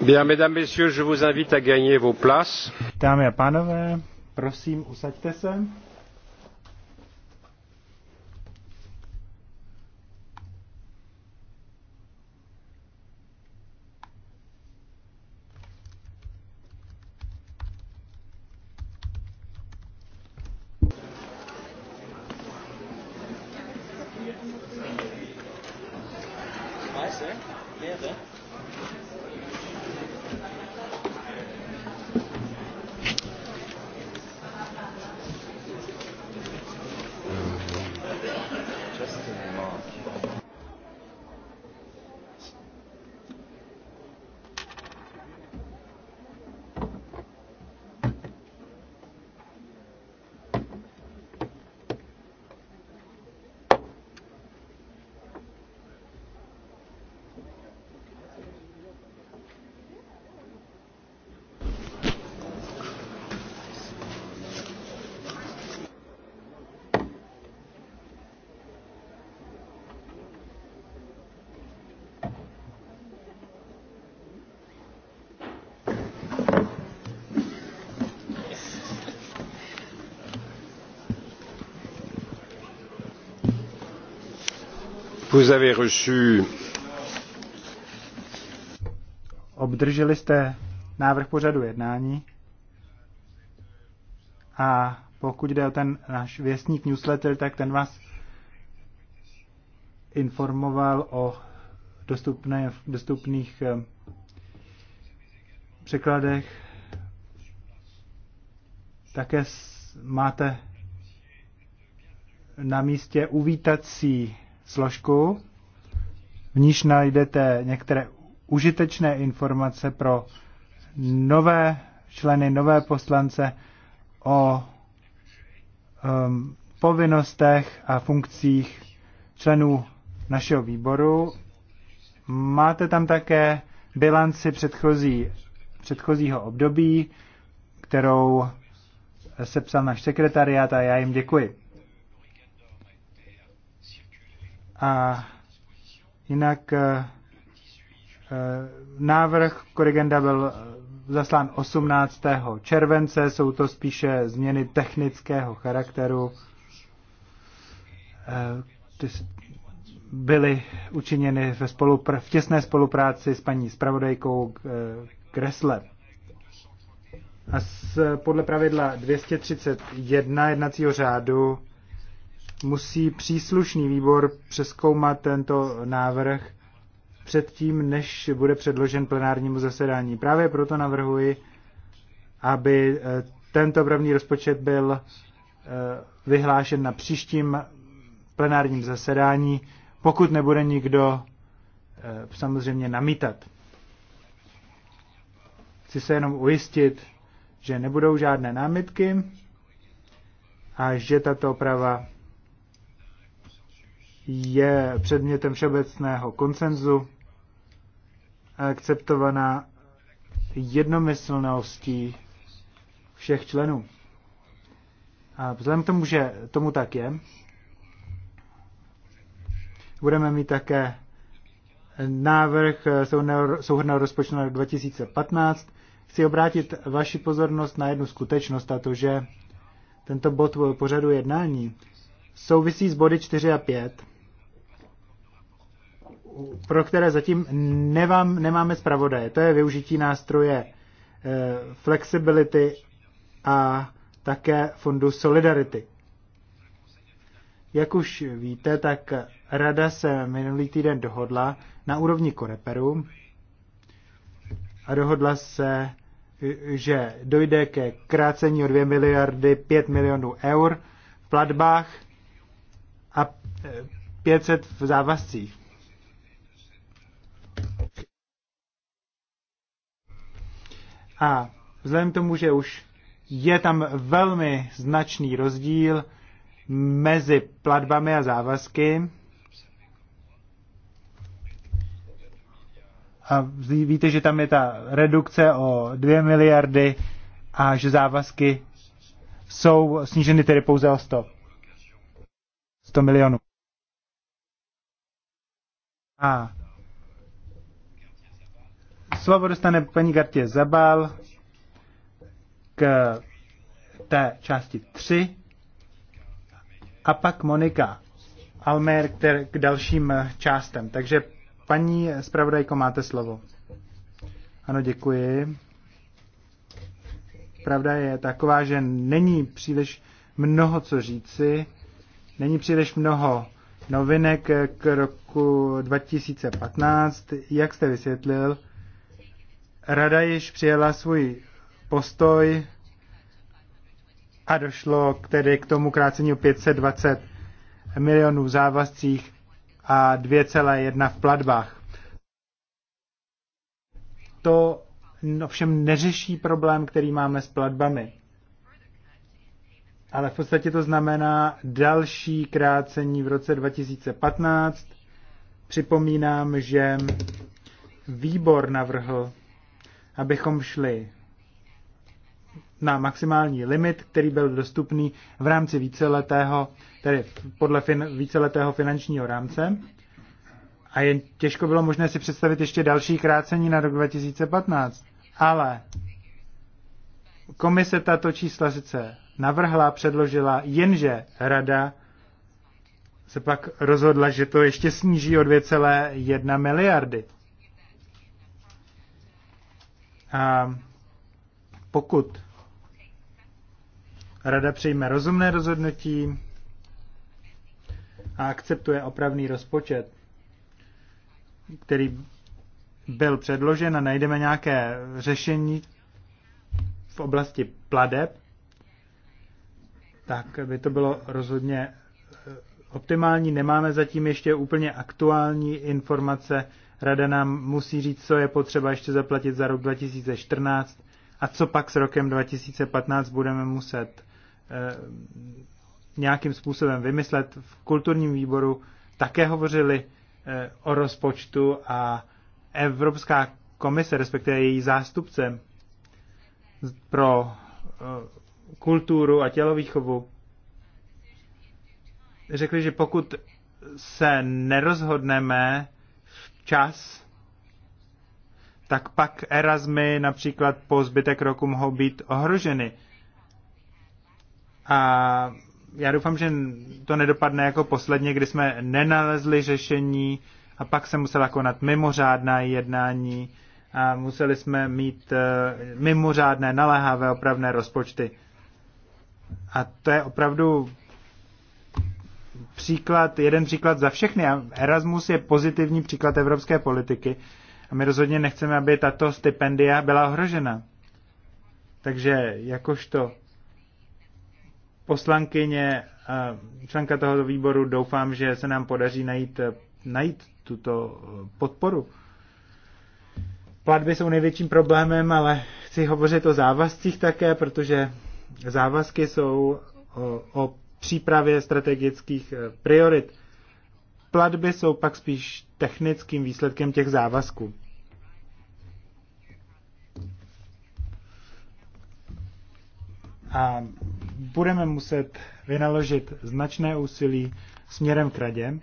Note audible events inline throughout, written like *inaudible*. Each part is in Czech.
Bien, mesdames, messieurs, je vous invite à gagner vos places. Dámy a pánové, prosím, usaďte se. Vous avez reçu... Obdrželi jste návrh pořadu jednání a pokud jde o ten náš věstník newsletter, tak ten vás informoval o dostupné, dostupných eh, překladech. Také máte na místě uvítací složku, v níž najdete některé užitečné informace pro nové členy, nové poslance o um, povinnostech a funkcích členů našeho výboru. Máte tam také bilanci předchozí, předchozího období, kterou sepsal náš sekretariát a já jim děkuji. A jinak eh, eh, návrh korigenda byl eh, zaslán 18. července, jsou to spíše změny technického charakteru, byly učiněny ve spolupr- v těsné spolupráci s paní spravodajkou Kresle. A s, podle pravidla 231 jednacího řádu musí příslušný výbor přeskoumat tento návrh předtím, než bude předložen plenárnímu zasedání. Právě proto navrhuji, aby eh, tento první rozpočet byl eh, vyhlášen na příštím plenárním zasedání, pokud nebude nikdo eh, samozřejmě namítat. Chci se jenom ujistit, že nebudou žádné námitky a že tato oprava je předmětem všeobecného koncenzu, akceptovaná jednomyslností všech členů. A vzhledem k tomu, že tomu tak je, budeme mít také návrh souhrnného rozpočtu na 2015. Chci obrátit vaši pozornost na jednu skutečnost, a to, že tento bod pořadu jednání souvisí s body 4 a 5 pro které zatím nevám, nemáme zpravodaje. To je využití nástroje eh, flexibility a také fondu Solidarity. Jak už víte, tak Rada se minulý týden dohodla na úrovni Koreperu a dohodla se, že dojde ke krácení o 2 miliardy 5 milionů eur v platbách a 500 eh, v závazcích. A vzhledem k tomu, že už je tam velmi značný rozdíl mezi platbami a závazky, a víte, že tam je ta redukce o 2 miliardy a že závazky jsou sníženy tedy pouze o 100. 100 milionů. A Slovo dostane paní Gartě Zabal k té části 3 a pak Monika Almer k dalším částem. Takže paní zpravodajko, máte slovo. Ano, děkuji. Pravda je taková, že není příliš mnoho co říci, není příliš mnoho novinek k roku 2015, jak jste vysvětlil, Rada již přijela svůj postoj a došlo k tedy k tomu krácení o 520 milionů v závazcích a 2,1 v platbách. To ovšem neřeší problém, který máme s platbami. Ale v podstatě to znamená další krácení v roce 2015. Připomínám, že výbor navrhl abychom šli na maximální limit, který byl dostupný v rámci víceletého, tedy podle fin, víceletého finančního rámce. A jen těžko bylo možné si představit ještě další krácení na rok 2015. Ale komise tato čísla sice navrhla, předložila, jenže rada se pak rozhodla, že to ještě sníží o 2,1 miliardy. A pokud Rada přijme rozumné rozhodnutí a akceptuje opravný rozpočet, který byl předložen a najdeme nějaké řešení v oblasti pladeb, tak by to bylo rozhodně eh, optimální. Nemáme zatím ještě úplně aktuální informace Rada nám musí říct, co je potřeba ještě zaplatit za rok 2014 a co pak s rokem 2015 budeme muset e, nějakým způsobem vymyslet. V kulturním výboru také hovořili e, o rozpočtu a Evropská komise, respektive její zástupce pro e, kulturu a tělovýchovu, řekli, že pokud se nerozhodneme, čas, tak pak Erasmy například po zbytek roku mohou být ohroženy. A já doufám, že to nedopadne jako posledně, kdy jsme nenalezli řešení a pak se musela konat mimořádná jednání a museli jsme mít eh, mimořádné naléhavé opravné rozpočty. A to je opravdu příklad, jeden příklad za všechny. Erasmus je pozitivní příklad evropské politiky a my rozhodně nechceme, aby tato stipendia byla ohrožena. Takže jakožto poslankyně, členka tohoto výboru, doufám, že se nám podaří najít, najít tuto podporu. Platby jsou největším problémem, ale chci hovořit o závazcích také, protože závazky jsou o, o přípravě strategických eh, priorit. Platby jsou pak spíš technickým výsledkem těch závazků. A budeme muset vynaložit značné úsilí směrem k radě,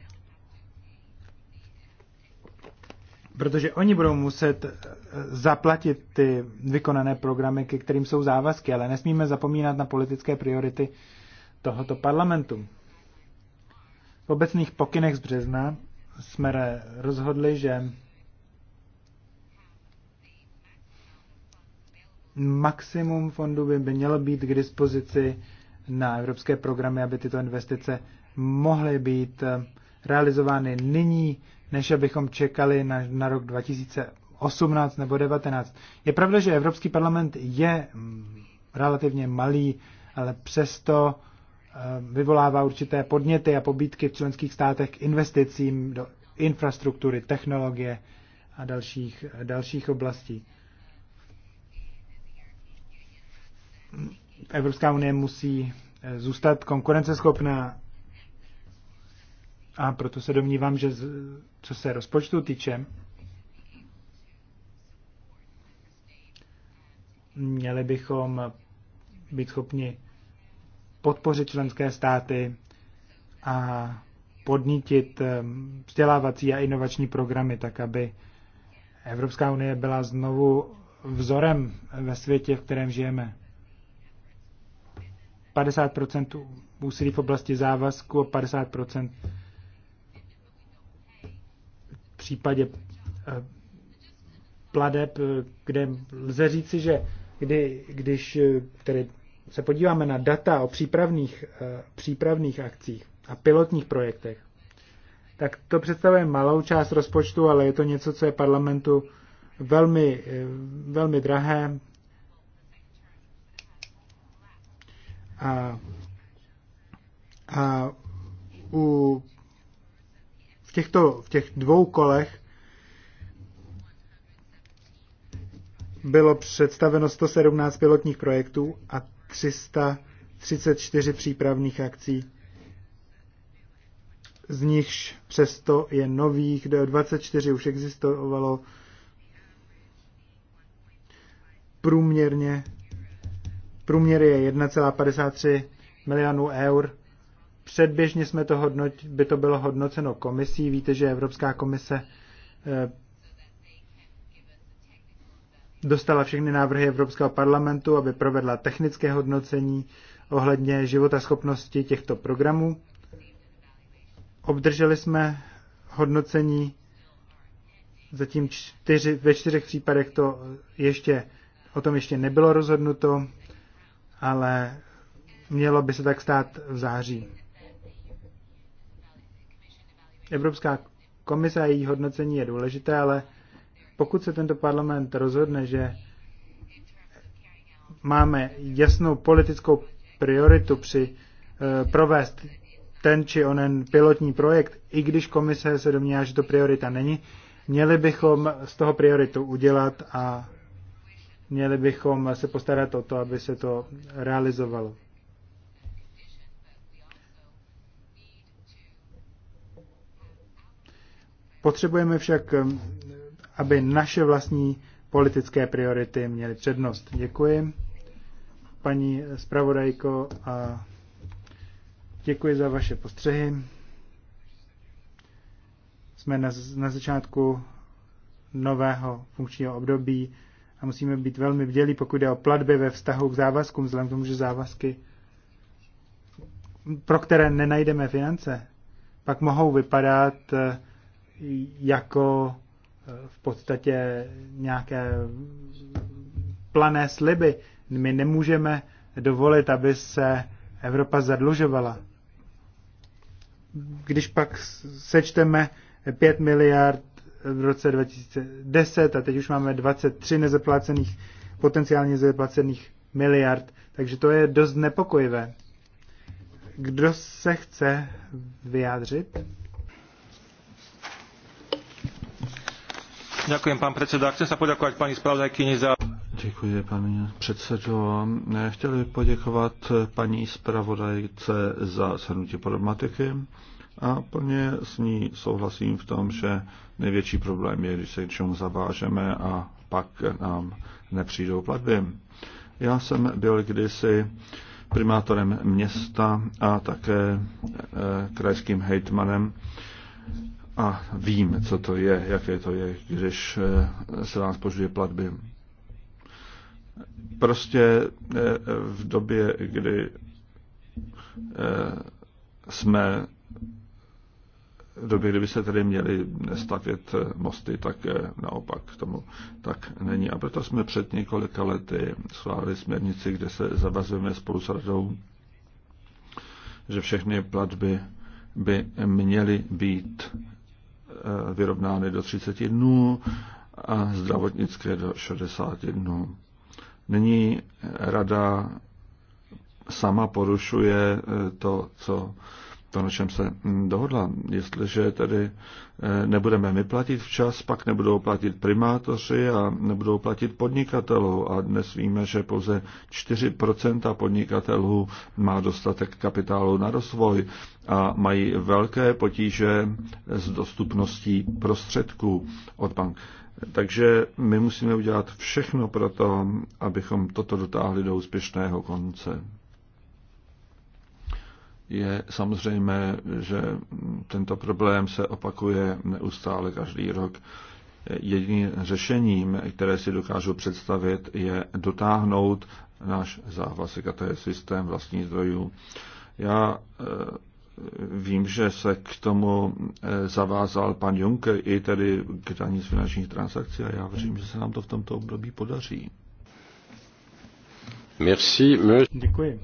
protože oni budou muset eh, zaplatit ty vykonané programy, ke kterým jsou závazky, ale nesmíme zapomínat na politické priority tohoto parlamentu. V obecných pokynech z března jsme rozhodli, že maximum fondů by, by mělo být k dispozici na evropské programy, aby tyto investice mohly být eh, realizovány nyní, než abychom čekali na, na rok 2018 nebo 2019. Je pravda, že Evropský parlament je mm, relativně malý, ale přesto uh, Eh, vyvolává určité podněty a pobídky v členských státech k investicím do infrastruktury, technologie a dalších, dalších oblastí. Evropská unie musí eh, zůstat konkurenceschopná a proto se domnívám, že co se rozpočtu týče, měli bychom být schopni podpořit členské státy a podnítit eh, vzdělávací a inovační programy, tak aby Evropská unie byla znovu vzorem ve světě, v kterém žijeme. 50 úsilí v oblasti závazku a 50 v případě eh, pladeb, eh, kde lze říci, že kdy, když tedy se podíváme na data o přípravných, eh, přípravných akcích a pilotních projektech, tak to představuje malou část rozpočtu, ale je to něco, co je parlamentu velmi, eh, velmi drahé. A, a u, v, těchto, v těch dvou kolech bylo představeno 117 pilotních projektů a 334 přípravných akcí, z nichž přesto je nových, 24 už existovalo průměrně. Průměr je 1,53 milionů eur. Předběžně jsme to hodnot, by to bylo hodnoceno komisí. Víte, že Evropská komise eh, dostala všechny návrhy Evropského parlamentu, aby provedla technické hodnocení ohledně životaschopnosti těchto programů. Obdrželi jsme hodnocení zatím čtyři, ve čtyřech případech to ještě, o tom ještě nebylo rozhodnuto, ale mělo by se tak stát v září. Evropská komise a její hodnocení je důležité, ale pokud se tento parlament rozhodne, že máme jasnou politickou prioritu při eh, provést ten či onen pilotní projekt, i když komise se domnívá, že to priorita není, měli bychom z toho prioritu udělat a měli bychom se postarat o to, aby se to realizovalo. Potřebujeme však aby naše vlastní politické priority měly přednost. Děkuji, paní zpravodajko, a děkuji za vaše postřehy. Jsme na, na začátku nového funkčního období a musíme být velmi vdělí, pokud jde o platby ve vztahu k závazkům, vzhledem k tomu, že závazky, pro které nenajdeme finance, pak mohou vypadat eh, jako v podstatě nějaké plané sliby. My nemůžeme dovolit, aby se Evropa zadlužovala. Když pak sečteme 5 miliard v roce 2010 a teď už máme 23 nezaplacených, potenciálně nezaplacených miliard, takže to je dost nepokojivé. Kdo se chce vyjádřit? Děkuji, pán předseda. Chci se paní zpravodajkyni za... Děkuji, pane předsedo. Chtěl poděkovat paní zpravodajce za shrnutí problematiky a plně s ní souhlasím v tom, že největší problém je, když se k čemu zavážeme a pak nám nepřijdou platby. Já jsem byl kdysi primátorem města a také eh, krajským hejtmanem a vím, co to je, jaké to je, když eh, se vám spožuje platby. Prostě eh, v době, kdy eh, jsme v době, kdyby se tedy měli stavět mosty, tak naopak tomu tak není. A proto jsme před několika lety schválili směrnici, kde se zavazujeme spolu s radou, že všechny platby by měly být vyrovnány do 30 dnů a zdravotnické do 60 dnů. Nyní rada sama porušuje to, co to, na čem se mm, dohodla. Jestliže tedy eh, nebudeme my platit včas, pak nebudou platit primátoři a nebudou platit podnikatelů. A dnes víme, že pouze 4% podnikatelů má dostatek kapitálu na rozvoj a mají velké potíže s dostupností prostředků od bank. Takže my musíme udělat všechno pro to, abychom toto dotáhli do úspěšného konce je samozřejmé, že tento problém se opakuje neustále každý rok. Jediným řešením, které si dokážu představit, je dotáhnout náš závazek, a to je systém vlastních zdrojů. Já e, vím, že se k tomu e, zavázal pan Juncker i tedy k daní z finančních transakcí a já věřím, že se nám to v tomto období podaří. Merci. Děkuji.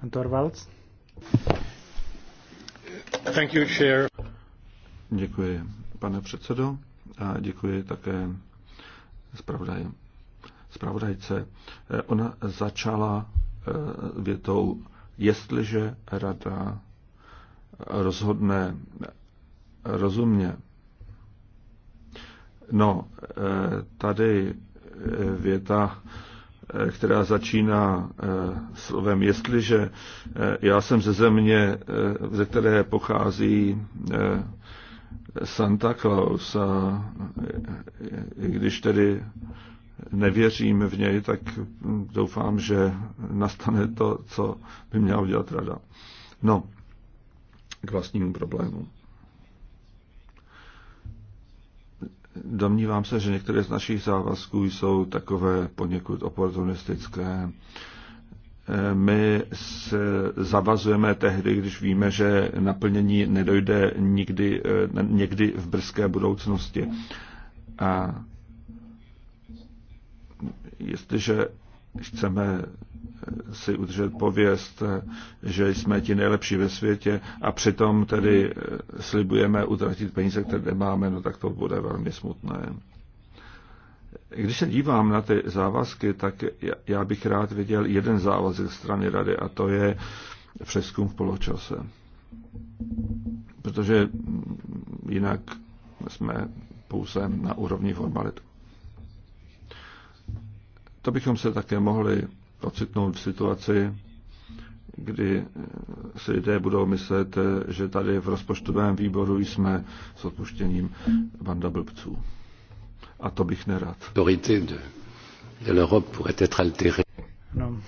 Antor Valc. Děkuji, pane předsedo, a děkuji také zpravodaj, zpravodajce. Ona začala e, větou, jestliže rada rozhodne rozumně. No, e, tady e, věta Eh, která začíná eh, slovem jestliže. Eh, já jsem ze země, ze které pochází Santa Claus a i když tedy nevěřím v něj, tak hm, doufám, že nastane to, co by měla udělat rada. No, k vlastnímu problému. Domnívám se, že některé z našich závazků jsou takové poněkud oportunistické. My se zavazujeme tehdy, když víme, že naplnění nedojde nikdy, někdy v brzké budoucnosti. A jestliže chceme si udržet pověst, že jsme ti nejlepší ve světě a přitom tedy eh, slibujeme utratit peníze, které nemáme, no tak to bude velmi smutné. Když se dívám na ty závazky, tak já bych rád viděl jeden závazek strany rady a to je přeskum v poločase. Protože mm, jinak jsme pouze na úrovni formalitu. To bychom se také mohli ocitnout v situaci, kdy si lidé budou myslet, že tady v rozpočtovém výboru jsme s odpuštěním banda blbců. A to bych nerad. No.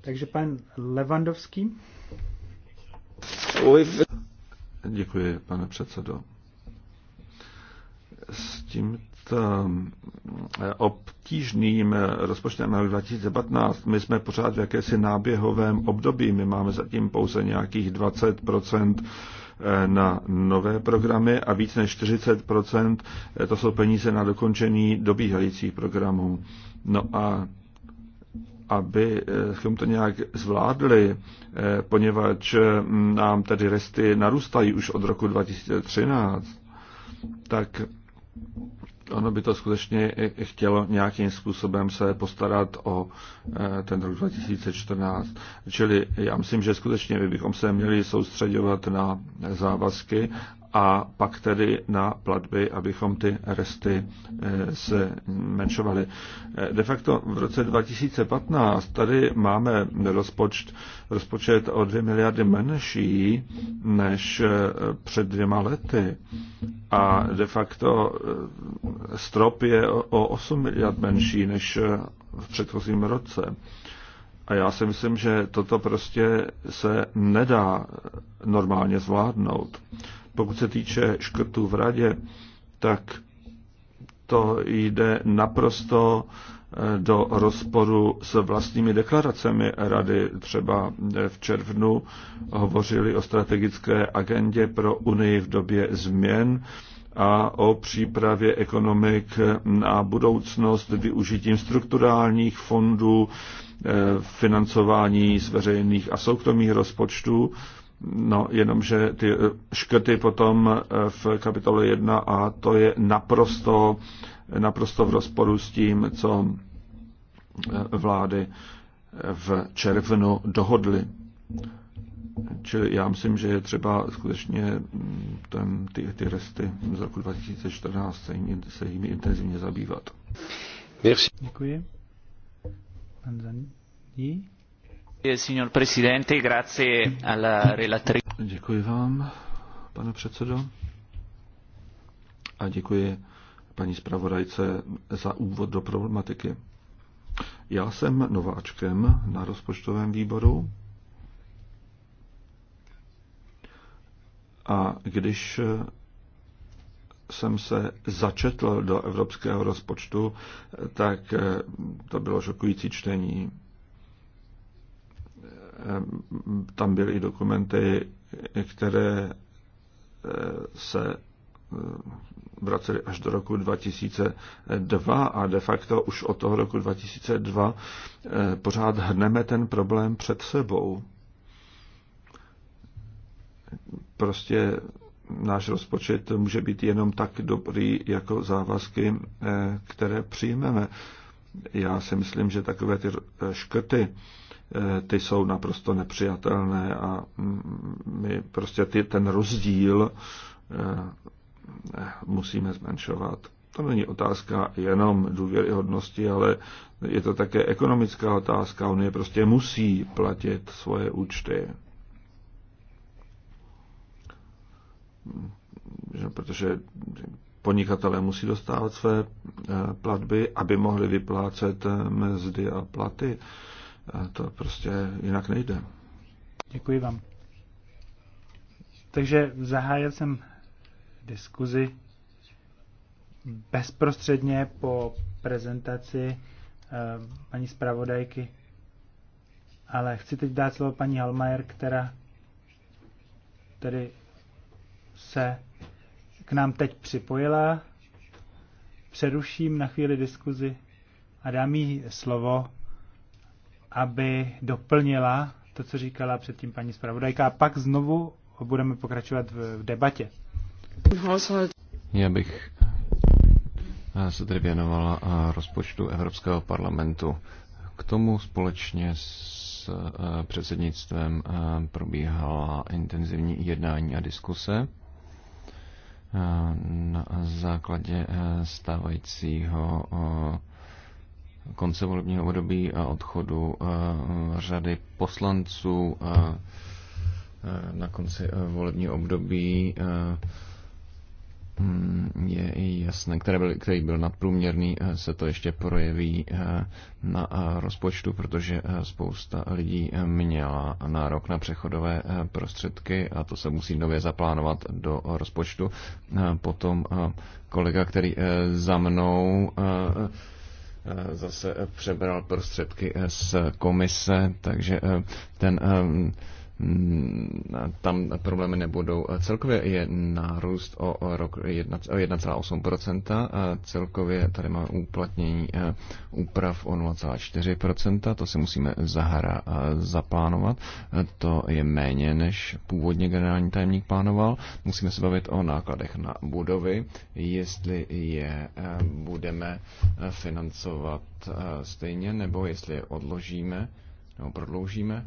Takže pan Levandovský. Děkuji, pane předsedo. S tímto eh, ob obtížným eh, rozpočtem na 2015. My jsme pořád v jakési náběhovém období. My máme zatím pouze nějakých 20 eh, na nové programy a víc než 40 eh, to jsou peníze na dokončení dobíhajících programů. No a aby jsme to nějak zvládli, poněvadž mm, nám tedy resty narůstají už od roku 2013, tak ono by to skutečně chtělo nějakým způsobem se postarat o e, ten rok 2014. Čili já myslím, že skutečně my bychom se měli soustředovat na závazky a pak tedy na platby, abychom ty resty eh, se menšovali. Eh, de facto v roce 2015 tady máme rozpočet, rozpočet o 2 miliardy menší než eh, před dvěma lety a de facto strop je o 8 miliard menší než v předchozím roce. A já si myslím, že toto prostě se nedá normálně zvládnout. Pokud se týče škrtů v radě, tak to jde naprosto eh, do rozporu s vlastními deklaracemi rady. Třeba eh, v červnu hovořili o strategické agendě pro Unii v době změn a o přípravě ekonomik na budoucnost využitím strukturálních fondů, eh, financování z veřejných a soukromých rozpočtů No, jenomže ty eh, škrty potom eh, v kapitole 1 a to je naprosto, naprosto v rozporu s tím, co eh, vlády v červnu dohodly. Čili já myslím, že je třeba skutečně mm, ten, ty, ty resty z roku 2014 se, jimi intenzivně zabývat. Děkuji. Pan Zaní. Děkuji vám, pane předsedo. A děkuji paní zpravodajce za úvod do problematiky. Já jsem nováčkem na rozpočtovém výboru a když jsem se začetl do evropského rozpočtu, tak to bylo šokující čtení tam byly i dokumenty, které eh, se eh, vraceli až do roku 2002 a de facto už od toho roku 2002 eh, pořád hneme ten problém před sebou. Prostě náš rozpočet může být jenom tak dobrý jako závazky, které přijmeme. Já si myslím, že takové ty škrty, Eh, ty jsou naprosto nepřijatelné a mm, my prostě ty, ten rozdíl eh, eh, musíme zmenšovat. To není otázka jenom důvěryhodnosti, ale je to také ekonomická otázka. Unie prostě musí platit svoje účty. Protože podnikatelé musí dostávat své platby, aby mohli vyplácet mzdy a platy to prostě jinak nejde. Děkuji vám. Takže zahájil jsem diskuzi bezprostředně po prezentaci eh, paní zpravodajky, ale chci teď dát slovo paní Halmajer, která tedy se k nám teď připojila. Přeruším na chvíli diskuzi a dám jí slovo aby doplnila to, co říkala předtím paní zpravodajka. A pak znovu budeme pokračovat v debatě. Já bych eh, se tedy věnovala eh, rozpočtu Evropského parlamentu. K tomu společně s eh, předsednictvem probíhala intenzivní jednání a diskuse na základě stávajícího konce volebního období a odchodu eh, řady poslanců eh, eh, na konci volebního období hm, je i jasné, které byl, který byl nadprůměrný, se to ještě projeví na rozpočtu, protože spousta lidí měla nárok na přechodové prostředky a to se musí nově zaplánovat do rozpočtu. Potom kolega, který za mnou Eh, zase přebral prostředky z komise, takže eh, ten eh, Mm, tam problémy nebudou. Celkově je nárůst o, rok 1, o 1,8%, celkově tady máme uplatnění eh, úprav o 0,4%, to si musíme zahra eh, zaplánovat, to je méně než původně generální tajemník plánoval. Musíme se bavit o nákladech na budovy, jestli je eh, budeme financovat stejně, nebo jestli je odložíme nebo prodloužíme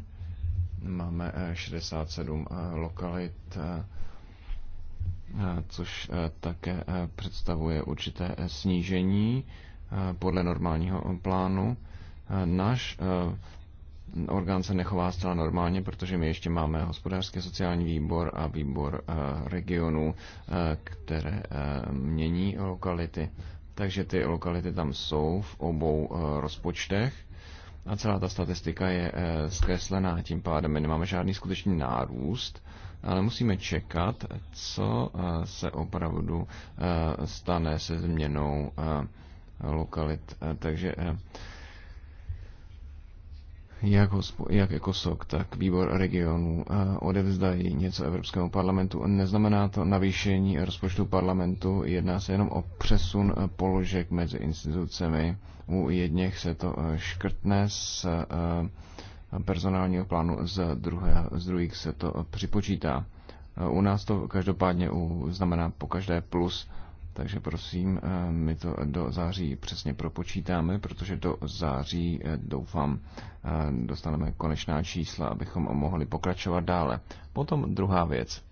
Máme 67 eh, eh, lokalit, eh, což také představuje určité snížení podle normálního plánu. Náš orgán se nechová zcela normálně, protože my ještě máme hospodářský sociální výbor a výbor regionů, které mění lokality. Takže ty lokality tam jsou v obou rozpočtech a celá ta statistika je eh, zkreslená, tím pádem my nemáme žádný skutečný nárůst, ale musíme čekat, co eh, se opravdu eh, stane se změnou lokalit. Takže jak, hospo, jak ECOSOC, jako tak výbor regionů odevzdají něco Evropskému parlamentu. Neznamená to navýšení rozpočtu parlamentu, jedná se jenom o přesun položek mezi institucemi u jedněch se to eh, škrtne z eh, personálního plánu, z, druhé, z druhých se to eh, připočítá. U nás to každopádně u, znamená po každé plus, takže prosím, my to do září přesně propočítáme, protože do září, doufám, dostaneme konečná čísla, abychom mohli pokračovat dále. Potom druhá věc.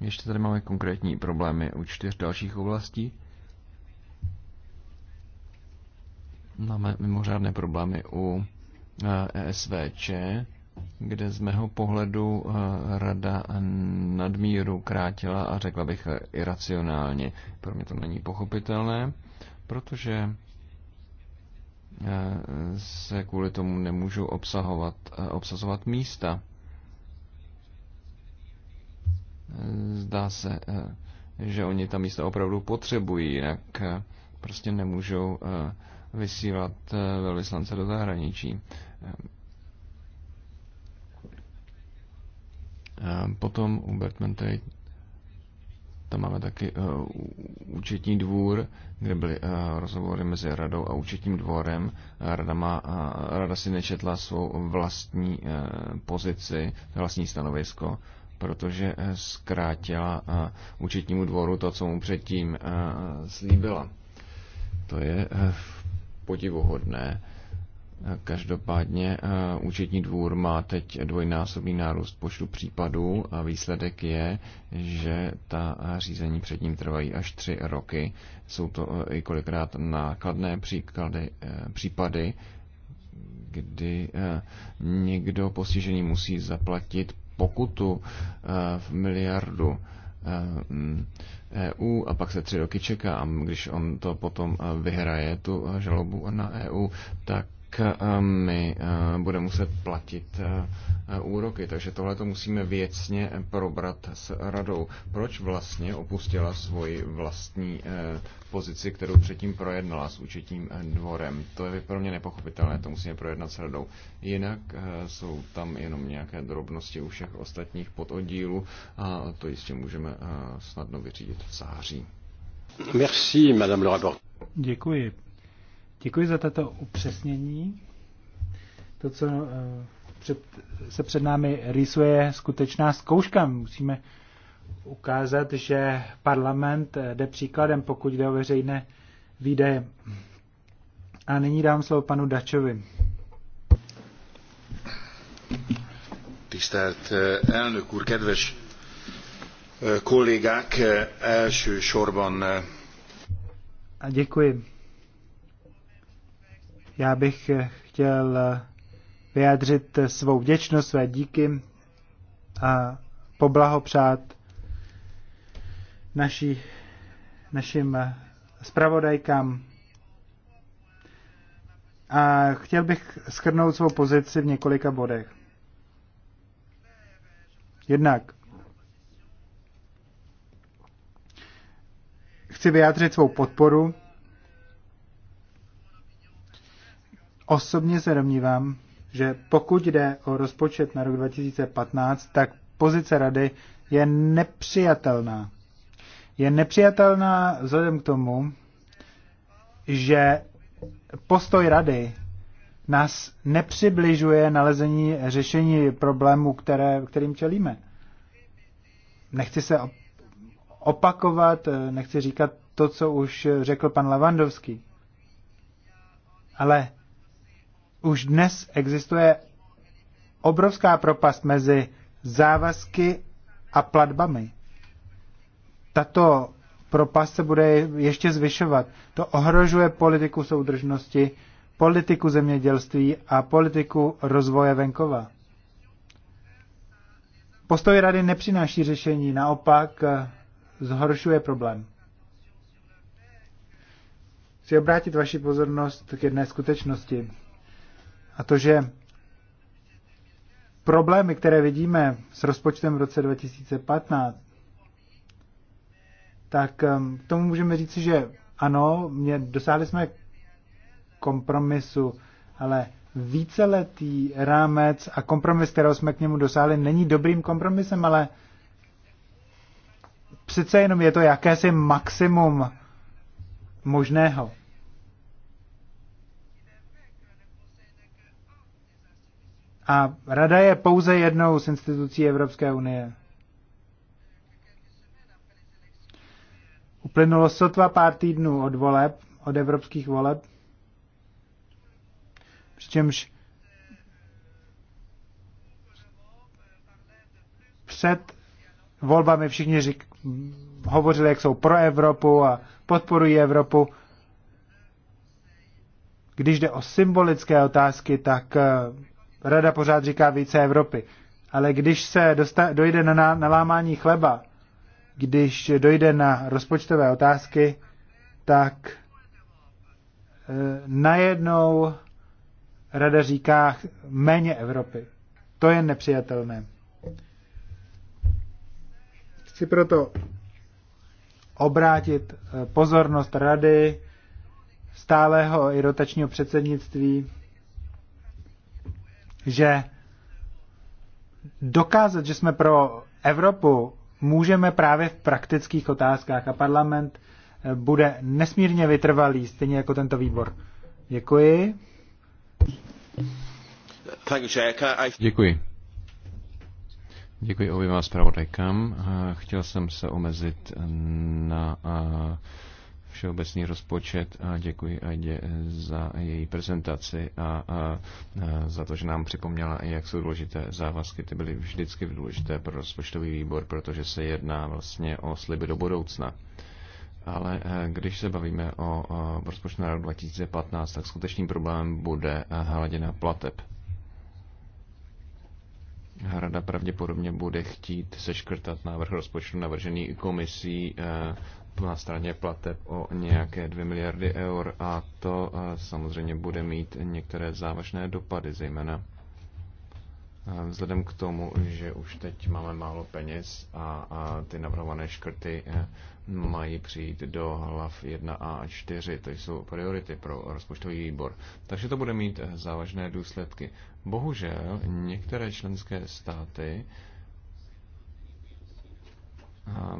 Ještě tady máme konkrétní problémy u čtyř dalších oblastí. Máme mimořádné problémy u ESVČ, eh, e kde z mého pohledu eh, rada nadmíru krátila a řekla bych eh, iracionálně. Pro mě to není pochopitelné, protože se kvůli tomu nemůžu obsahovat, obsazovat místa. Zdá se, že oni ta místa opravdu potřebují, jinak prostě nemůžou vysílat eh, velvyslance do zahraničí. Eh, eh, potom u Bertmente tam máme taky uh, účetní dvůr, kde byly uh, rozhovory mezi radou a účetním dvorem. Rada, má, uh, rada si nečetla svou vlastní uh, pozici, vlastní stanovisko, protože zkrátila uh, účetnímu dvoru to, co mu předtím uh, slíbila. To je uh, podivuhodné. Každopádně eh, účetní dvůr má teď dvojnásobný nárůst počtu případů a výsledek je, že ta eh, řízení před ním trvají až tři roky. Jsou to eh, i kolikrát nákladné příklady, případy, kdy někdo postižený musí zaplatit pokutu v miliardu EU mm, e a pak se tři roky čeká. A když on to potom e, vyhraje, tu e, žalobu na EU, tak Eh, my eh, budeme muset platit eh, úroky. Takže tohle to musíme věcně probrat s radou. Proč vlastně opustila svoji vlastní pozici, kterou předtím projednala s účetním dvorem? To je pro mě nepochopitelné, to musíme projednat s radou. Jinak jsou tam jenom nějaké drobnosti u všech ostatních pododdílů a to jistě můžeme snadno vyřídit v září. Merci, madame le rapport. Děkuji, Děkuji za tato upřesnění. To, co eh, před, se před námi rýsuje, je skutečná zkouška. Musíme ukázat, že parlament eh, jde příkladem, pokud jde o veřejné výdaje. A nyní dám slovo panu Dačovi. Tisztelt eh, elnök úr, kedves kollégák, elsősorban... Děkuji. Já bych chtěl vyjádřit svou vděčnost, své díky a poblahopřát naší, našim zpravodajkám. A chtěl bych schrnout svou pozici v několika bodech. Jednak chci vyjádřit svou podporu Osobně se domnívám, že pokud jde o rozpočet na rok 2015, tak pozice rady je nepřijatelná. Je nepřijatelná vzhledem k tomu, že postoj rady nás nepřibližuje nalezení řešení problémů, které, kterým čelíme. Nechci se opakovat, nechci říkat to, co už řekl pan Lavandovský. Ale už dnes existuje obrovská propast mezi závazky a platbami. Tato propast se bude ještě zvyšovat. To ohrožuje politiku soudržnosti, politiku zemědělství a politiku rozvoje venkova. Postoj rady nepřináší řešení, naopak eh, zhoršuje problém. Chci obrátit vaši pozornost k jedné skutečnosti. A to, že problémy, které vidíme s rozpočtem v roce 2015, tak um, k tomu můžeme říci, že ano, mě, dosáhli jsme kompromisu, ale víceletý rámec a kompromis, kterého jsme k němu dosáhli, není dobrým kompromisem, ale přece jenom je to jakési maximum možného. A rada je pouze jednou z institucí Evropské unie. Uplynulo sotva pár týdnů od voleb, od evropských voleb, přičemž před volbami všichni řík, hovořili, jak jsou pro Evropu a podporují Evropu. Když jde o symbolické otázky, tak eh, Rada pořád říká více Evropy. Ale když se dosta, dojde na nalámání chleba, když dojde na rozpočtové otázky, tak e, najednou rada říká méně Evropy. To je nepřijatelné. Chci proto obrátit eh, pozornost rady, stálého i rotačního předsednictví že dokázat, že jsme pro Evropu, můžeme právě v praktických otázkách a parlament eh, bude nesmírně vytrvalý, stejně jako tento výbor. Děkuji. Děkuji. Děkuji oběma zpravodajkám. Eh, chtěl jsem se omezit na eh, všeobecný rozpočet a děkuji Adě za její prezentaci a, a za to, že nám připomněla, jak jsou důležité závazky. Ty byly vždycky důležité pro rozpočtový výbor, protože se jedná vlastně o sliby do budoucna. Ale e, když se bavíme o rozpočtu na rok 2015, tak skutečným problémem bude e, hladina plateb. Rada pravděpodobně bude chtít seškrtat návrh rozpočtu navržený komisí e, na straně plateb o nějaké 2 miliardy eur a to eh, samozřejmě bude mít některé závažné dopady, zejména eh, vzhledem k tomu, že už teď máme málo peněz a, ty navrhované škrty eh, mají přijít do hlav 1 a 4, to jsou priority pro rozpočtový výbor. Takže to bude mít závažné důsledky. Bohužel některé členské státy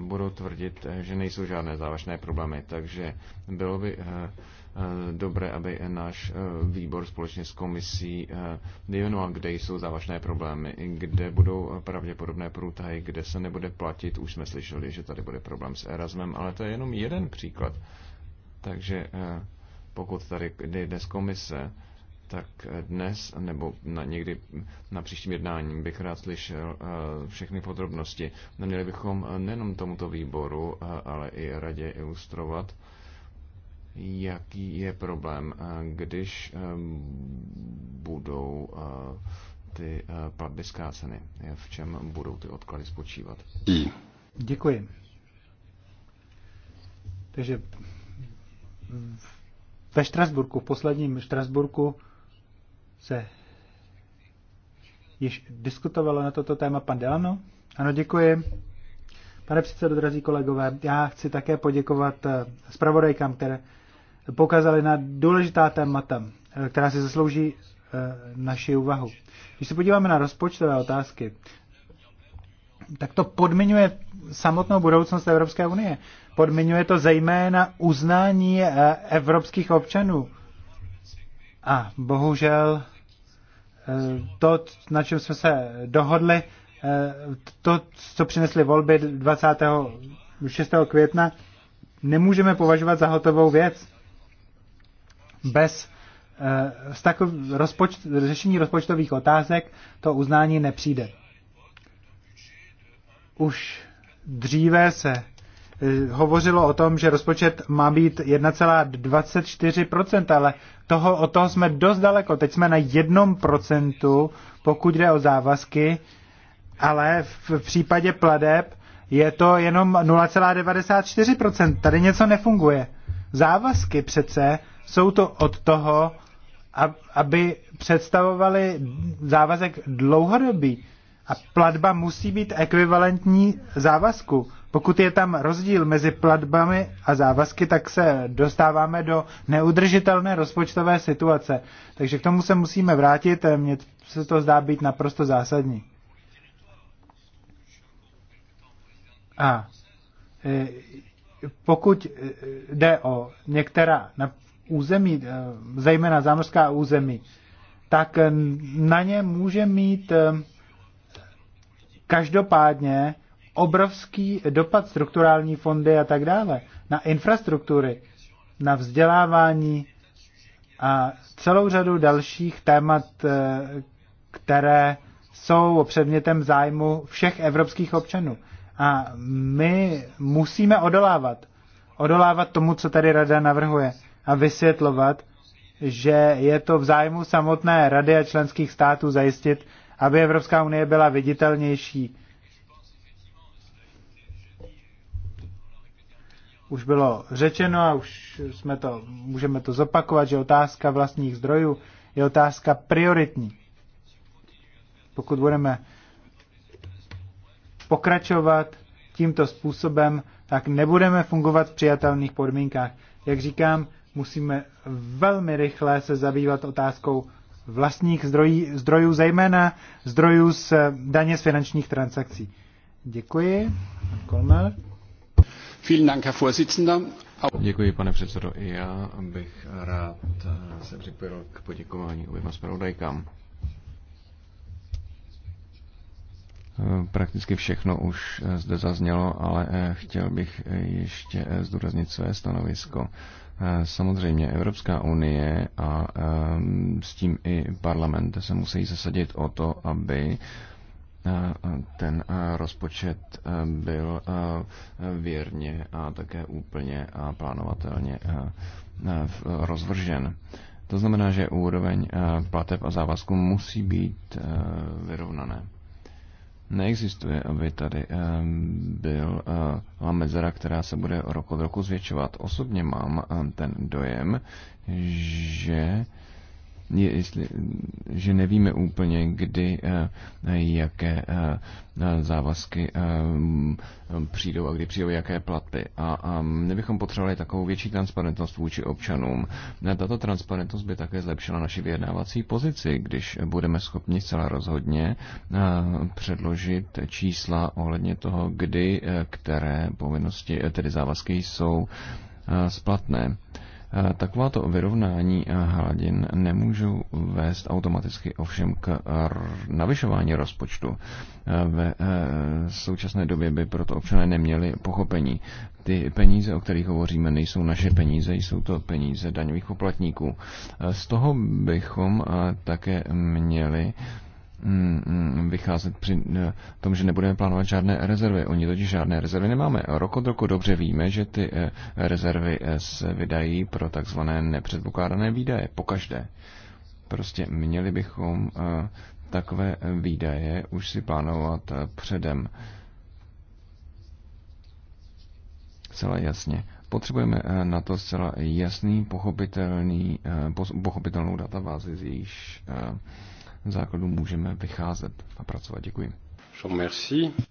budou tvrdit, že nejsou žádné závažné problémy. Takže bylo by eh, eh, dobré, aby náš eh, výbor společně s komisí věnoval, kde jsou závažné problémy, kde budou pravděpodobné průtahy, kde se nebude platit. Už jsme slyšeli, že tady bude problém s Erasmem, ale to je jenom jeden příklad. Takže pokud tady jde z komise, tak dnes nebo na někdy na příštím jednání bych rád slyšel eh, všechny podrobnosti. Neměli bychom eh, nejenom tomuto výboru, eh, ale i radě ilustrovat, jaký je problém, když budou ty platby zkáceny, v čem budou ty odklady spočívat. Děkuji. Takže ve Štrasburku, v posledním Štrasburku, se již diskutovalo na toto téma pan Delano. Ano, děkuji. Pane předsedo, drazí kolegové, já chci také poděkovat eh, zpravodajkám, které poukázali na důležitá témata, eh, která si zaslouží eh, naši úvahu. Když se podíváme na rozpočtové otázky, tak to podmiňuje samotnou budoucnost Evropské unie. Podmiňuje to zejména uznání evropských občanů a bohužel eh, to, na čem jsme se dohodli, eh, to, co přinesly volby 26. května, nemůžeme považovat za hotovou věc. Bez z eh, takov, rozpočt, řešení rozpočtových otázek to uznání nepřijde. Už dříve se Eh, hovořilo o tom, že rozpočet má být 1,24%, ale toho, od toho jsme dost daleko. Teď jsme na 1%, pokud jde o závazky, ale v případě pladeb je to jenom 0,94%. Tady něco nefunguje. Závazky přece jsou to od toho, aby představovali závazek dlouhodobý. A platba musí být ekvivalentní závazku. Pokud je tam rozdíl mezi platbami a závazky, tak se dostáváme do neudržitelné rozpočtové situace. Takže k tomu se musíme vrátit, mně se to zdá být naprosto zásadní. A e, pokud jde o některá na území, e, zejména zámořská území, tak na ně může mít e, každopádně obrovský dopad strukturální fondy a tak dále na infrastruktury, na vzdělávání a celou řadu dalších témat, eh, které jsou předmětem zájmu všech evropských občanů. A my musíme odolávat. Odolávat tomu, co tady rada navrhuje a vysvětlovat, že je to v zájmu samotné rady a členských států zajistit, aby Evropská unie byla viditelnější už bylo řečeno a už jsme to, můžeme to zopakovat, že otázka vlastních zdrojů je otázka prioritní. Pokud budeme pokračovat tímto způsobem, tak nebudeme fungovat v přijatelných podmínkách. Jak říkám, musíme velmi rychle se zabývat otázkou vlastních zdrojí, zdrojů, zejména zdrojů z daně z finančních transakcí. Děkuji. Kolmer. Děkuji, pane předsedo. I já bych rád připojil k poděkování oběma zpravodajkám. Prakticky všechno už zde zaznělo, ale chtěl bych ještě zdůraznit své stanovisko. Samozřejmě Evropská unie a s tím i parlament se musí zasadit o to, aby ten rozpočet byl věrně a také úplně a plánovatelně rozvržen. To znamená, že úroveň plateb a závazků musí být vyrovnané. Neexistuje, aby tady byl mezera, která se bude rok od roku zvětšovat. Osobně mám ten dojem, že jestli, že nevíme úplně, kdy, eh, jaké eh, závazky eh, přijdou a kdy přijdou jaké platby. A, a my bychom potřebovali takovou větší transparentnost vůči občanům. Tato transparentnost by také zlepšila naši vyjednávací pozici, když budeme schopni zcela rozhodně předložit čísla ohledně toho, kdy které povinnosti, tedy závazky jsou splatné. Takováto vyrovnání hladin nemůžou vést automaticky ovšem k navyšování rozpočtu. Ve současné době by proto občané neměli pochopení. Ty peníze, o kterých hovoříme, nejsou naše peníze, jsou to peníze daňových poplatníků. Z toho bychom také měli Mm, mm, vycházet při eh, tom, že nebudeme plánovat žádné rezervy. Oni totiž žádné rezervy nemáme. Rok od roku dobře víme, že ty eh, rezervy eh, se vydají pro takzvané nepředpokládané výdaje. Pokaždé. Prostě měli bychom takové výdaje už si plánovat předem. Celá jasně. Potřebujeme na to zcela jasný, pochopitelný, pochopitelnou databázi, z jejíž základů můžeme vycházet a pracovat. Děkuji.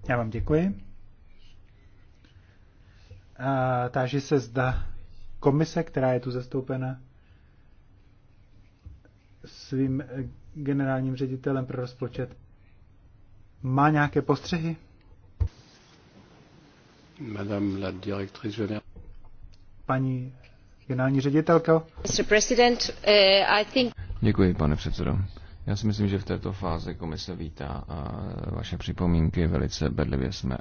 Já vám děkuji. A táži se zda komise, která je tu zastoupena svým generálním ředitelem pro rozpočet, má nějaké postřehy? Madame la directrice générale. Paní generální ředitelko. Mr. President, uh, I think... Děkuji, pane předsedo. Já si myslím, že v této fázi komise vítá vaše připomínky. Velice bedlivě jsme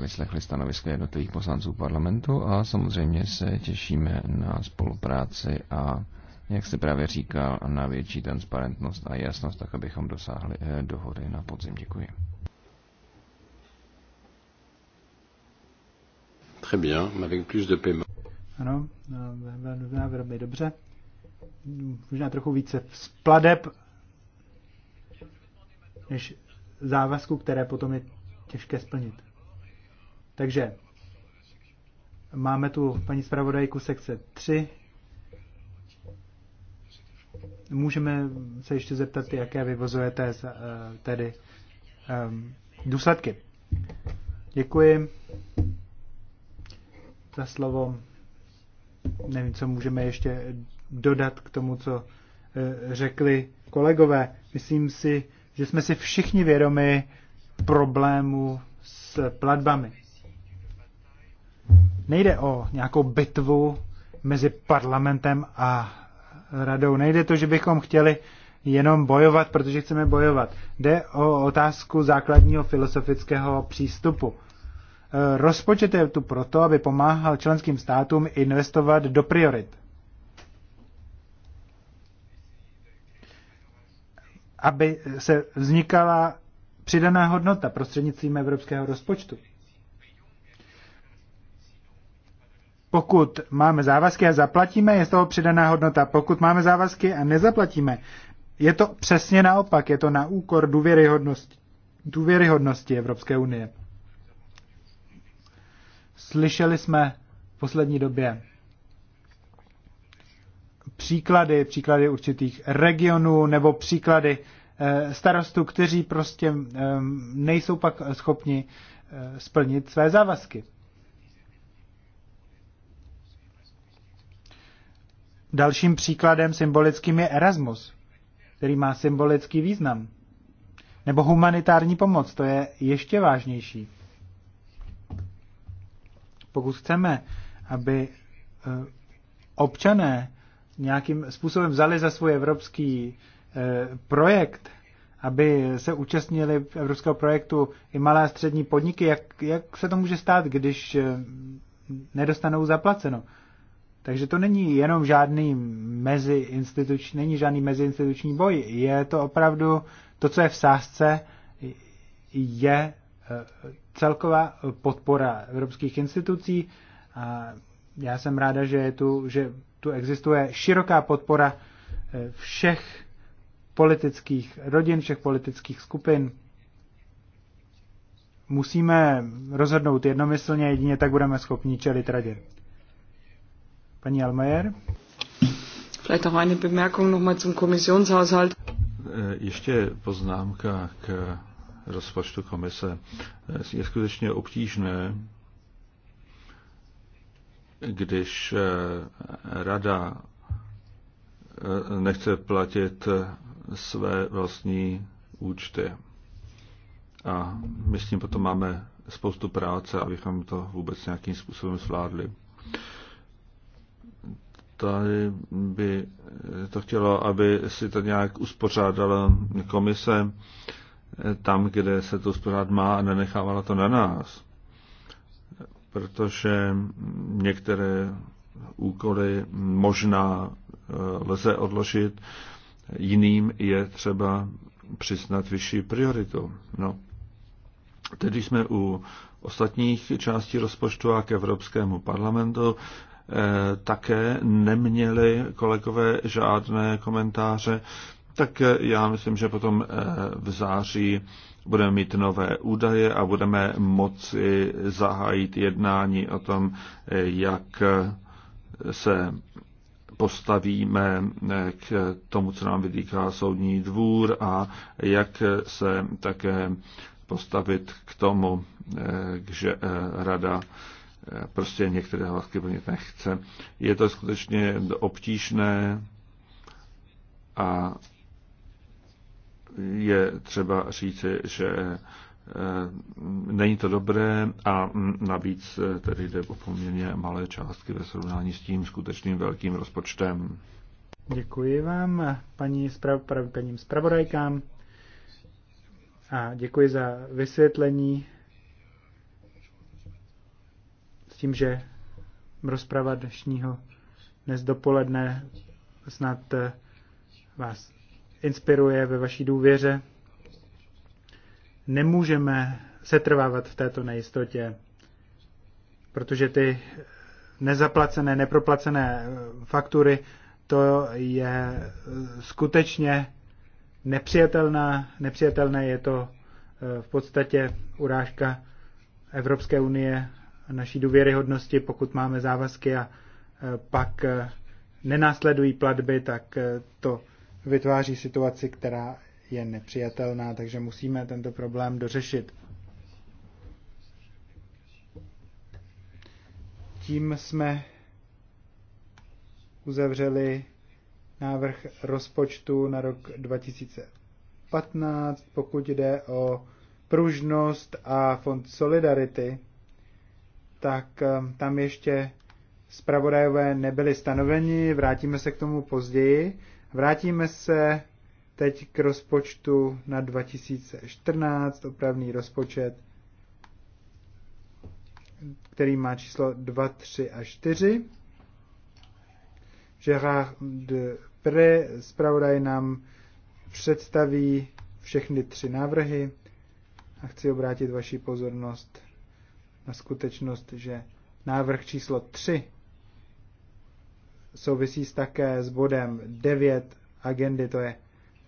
vyslechli stanoviska jednotlivých poslanců parlamentu a samozřejmě se těšíme na spolupráci a, jak jste právě říkal, na větší transparentnost a jasnost, tak abychom dosáhli dohody na podzim. Děkuji. Très bien, avec plus de paiement. Ano, velmi dobře možná trochu více spladeb, než závazku, které potom je těžké splnit. Takže máme tu paní zpravodajku sekce 3. Můžeme se ještě zeptat, jaké vyvozujete eh, tedy um, důsledky. Děkuji za slovo. Nevím, co můžeme ještě dodat k tomu, co eh, řekli kolegové. Myslím si, že jsme si všichni vědomi problému s platbami. Nejde o nějakou bitvu mezi parlamentem a radou. Nejde to, že bychom chtěli jenom bojovat, protože chceme bojovat. Jde o otázku základního filosofického přístupu. Eh, rozpočet je tu proto, aby pomáhal členským státům investovat do priorit. aby se vznikala přidaná hodnota prostřednictvím evropského rozpočtu. Pokud máme závazky a zaplatíme, je z toho přidaná hodnota. Pokud máme závazky a nezaplatíme, je to přesně naopak, je to na úkor důvěryhodnosti, důvěryhodnosti Evropské unie. Slyšeli jsme v poslední době příklady, příklady určitých regionů nebo příklady eh, starostů, kteří prostě eh, nejsou pak schopni eh, splnit své závazky. Dalším příkladem symbolickým je Erasmus, který má symbolický význam. Nebo humanitární pomoc, to je ještě vážnější. Pokud chceme, aby občané nějakým způsobem vzali za svůj evropský eh, projekt, aby se účastnili evropského projektu i malé a střední podniky, jak, jak se to může stát, když eh, nedostanou zaplaceno. Takže to není jenom žádný meziinstituční, není žádný meziinstituční boj. Je to opravdu to, co je v sázce, je eh, celková podpora evropských institucí. A já jsem ráda, že je tu, že tu existuje široká podpora eh, všech politických rodin, všech politických skupin. Musíme rozhodnout jednomyslně, jedině tak budeme schopni čelit radě. Paní Almajer? Eh, ještě poznámka k rozpočtu komise. Eh, je skutečně obtížné když eh, rada eh, nechce platit eh, své vlastní účty. A my s tím potom máme spoustu práce, abychom to vůbec nějakým způsobem zvládli. Tady by to chtělo, aby si to nějak uspořádala komise tam, kde se to uspořádat má a nenechávala to na nás protože některé úkoly možná eh, lze odložit, jiným je třeba přiznat vyšší prioritu. No. Tedy jsme u ostatních částí rozpočtu a k Evropskému parlamentu eh, také neměli kolegové žádné komentáře, tak já myslím, že potom eh, v září budeme mít nové údaje a budeme moci zahájit jednání o tom, jak se postavíme k tomu, co nám vytýká soudní dvůr a jak se také postavit k tomu, že rada prostě některé hlasky plnit nechce. Je to skutečně obtížné a je třeba říci, že eh, není to dobré a hm, navíc eh, tedy jde o poměrně malé částky ve srovnání s tím skutečným velkým rozpočtem. Děkuji vám, paní sprav, paním zpravodajkám a děkuji za vysvětlení s tím, že rozprava dnešního dnes dopoledne snad eh, vás inspiruje ve vaší důvěře. Nemůžeme setrvávat v této nejistotě, protože ty nezaplacené, neproplacené eh, faktury, to je eh, skutečně nepřijatelná, nepřijatelné je to eh, v podstatě urážka Evropské unie a naší důvěryhodnosti, pokud máme závazky a pak nenásledují platby, tak to vytváří situaci, která je nepřijatelná, takže musíme tento problém dořešit. Tím jsme uzavřeli návrh rozpočtu na rok 2015, pokud jde o pružnost a fond Solidarity, tak eh, tam ještě zpravodajové nebyly stanoveni, vrátíme se k tomu později, Vrátíme se teď k rozpočtu na 2014, opravný rozpočet, který má číslo 2, 3 a 4. Gérard de Pré, zpravodaj nám představí všechny tři návrhy a chci obrátit vaši pozornost na skutečnost, že návrh číslo 3 souvisí s také s bodem 9 agendy, to je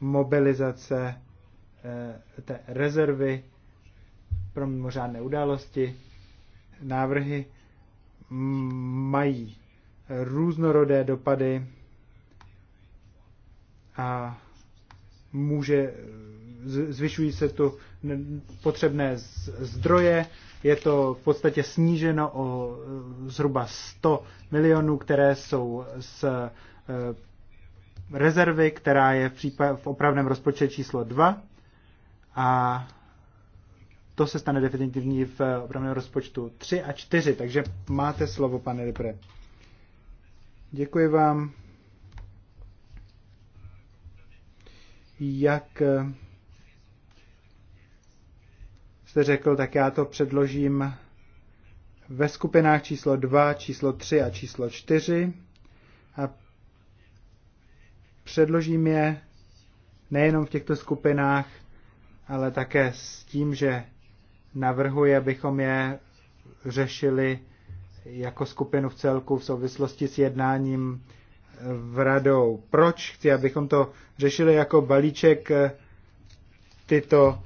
mobilizace eh, té rezervy pro mimořádné události. Návrhy mají různorodé dopady a může, zvyšují se tu potřebné zdroje, je to v podstatě sníženo o eh, zhruba 100 milionů, které jsou z eh, rezervy, která je v, případ, v opravném rozpočtu číslo 2 a to se stane definitivní v eh, opravném rozpočtu 3 a 4, takže máte slovo, pane Lipre. Děkuji vám. Jak jste řekl, tak já to předložím ve skupinách číslo 2, číslo 3 a číslo 4 a předložím je nejenom v těchto skupinách, ale také s tím, že navrhuji, abychom je řešili jako skupinu v celku v souvislosti s jednáním v radou. Proč chci, abychom to řešili jako balíček eh, tyto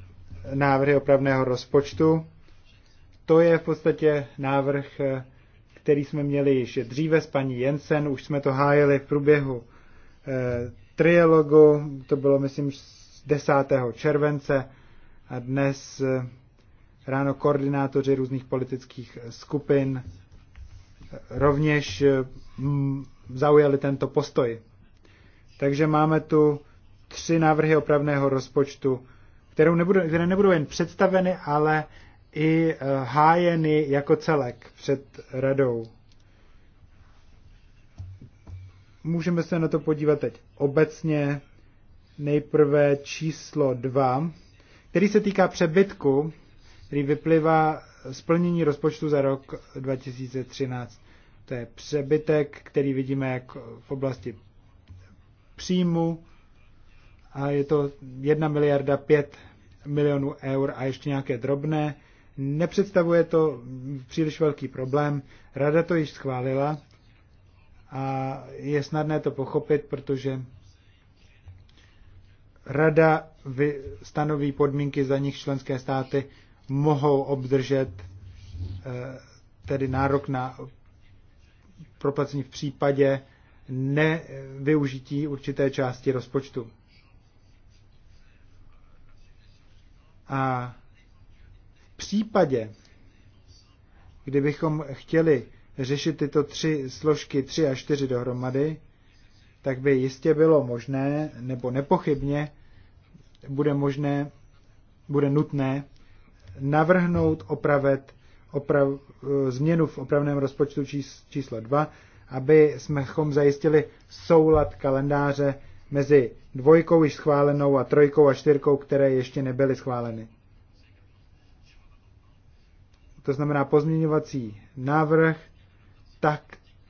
návrhy opravného rozpočtu. To je v podstatě návrh, který jsme měli již dříve s paní Jensen, už jsme to hájili v průběhu eh, trialogu, to bylo myslím 10. července a dnes eh, ráno koordinátoři různých politických skupin eh, rovněž eh, zaujali tento postoj. Takže máme tu tři návrhy opravného rozpočtu kterou nebudou, které nebudou jen představeny, ale i eh, hájeny jako celek před radou. Můžeme se na to podívat teď obecně. Nejprve číslo 2, který se týká přebytku, který vyplývá splnění rozpočtu za rok 2013. To je přebytek, který vidíme jak v oblasti příjmu a je to 1 miliarda 5 milionů eur a ještě nějaké drobné. Nepředstavuje to příliš velký problém. Rada to již schválila a je snadné to pochopit, protože Rada stanoví podmínky, za nich členské státy mohou obdržet eh, tedy nárok na proplacení v případě nevyužití určité části rozpočtu. A v případě, kdybychom chtěli řešit tyto tři složky tři a čtyři dohromady, tak by jistě bylo možné, nebo nepochybně bude možné, bude nutné navrhnout opravet, oprav, eh, změnu v opravném rozpočtu číslo 2, aby jsme zajistili soulad kalendáře mezi dvojkou již schválenou a trojkou a čtyřkou, které ještě nebyly schváleny. To znamená pozměňovací návrh tak,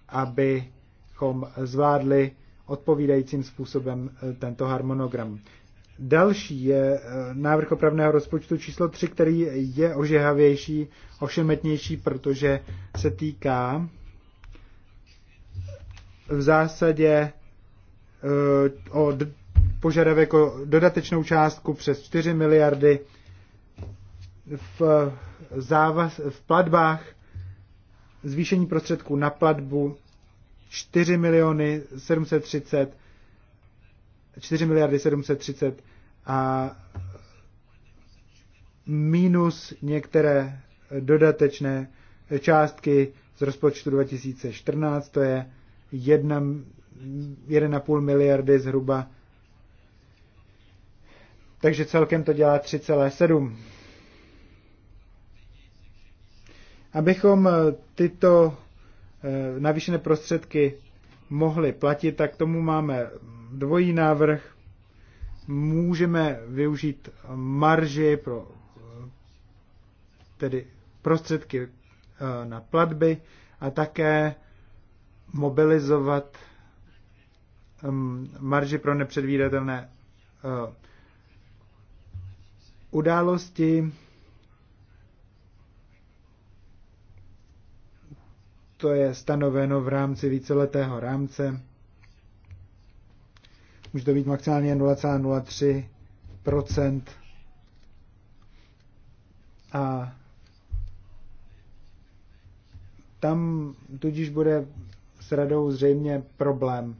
abychom zvládli odpovídajícím způsobem eh, tento harmonogram. Další je eh, návrh opravného rozpočtu číslo 3, který je ožehavější, ošemetnější, protože se týká v zásadě eh, o požadavek o jako dodatečnou částku přes 4 miliardy v, závaz, v platbách, zvýšení prostředků na platbu 4 miliony 730, 4 miliardy 730 a minus některé dodatečné částky z rozpočtu 2014, to je 1,5 miliardy zhruba takže celkem to dělá 3,7. Abychom eh, tyto eh, navýšené prostředky mohli platit, tak tomu máme dvojí návrh. Můžeme využít marži pro eh, tedy prostředky na platby a také mobilizovat mm, marži pro nepředvídatelné události. To je stanoveno v rámci víceletého rámce. Může to být maximálně 0,03 A tam tudíž bude s radou zřejmě problém.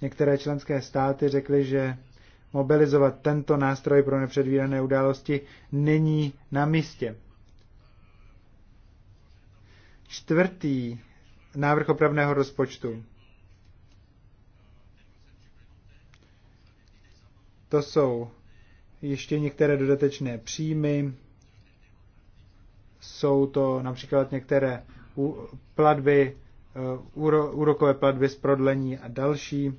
Některé členské státy řekly, že mobilizovat tento nástroj pro nepředvídané události není na místě. Čtvrtý návrh opravného rozpočtu. To jsou ještě některé dodatečné příjmy, jsou to například některé platby, eh, úrokové platby z prodlení a další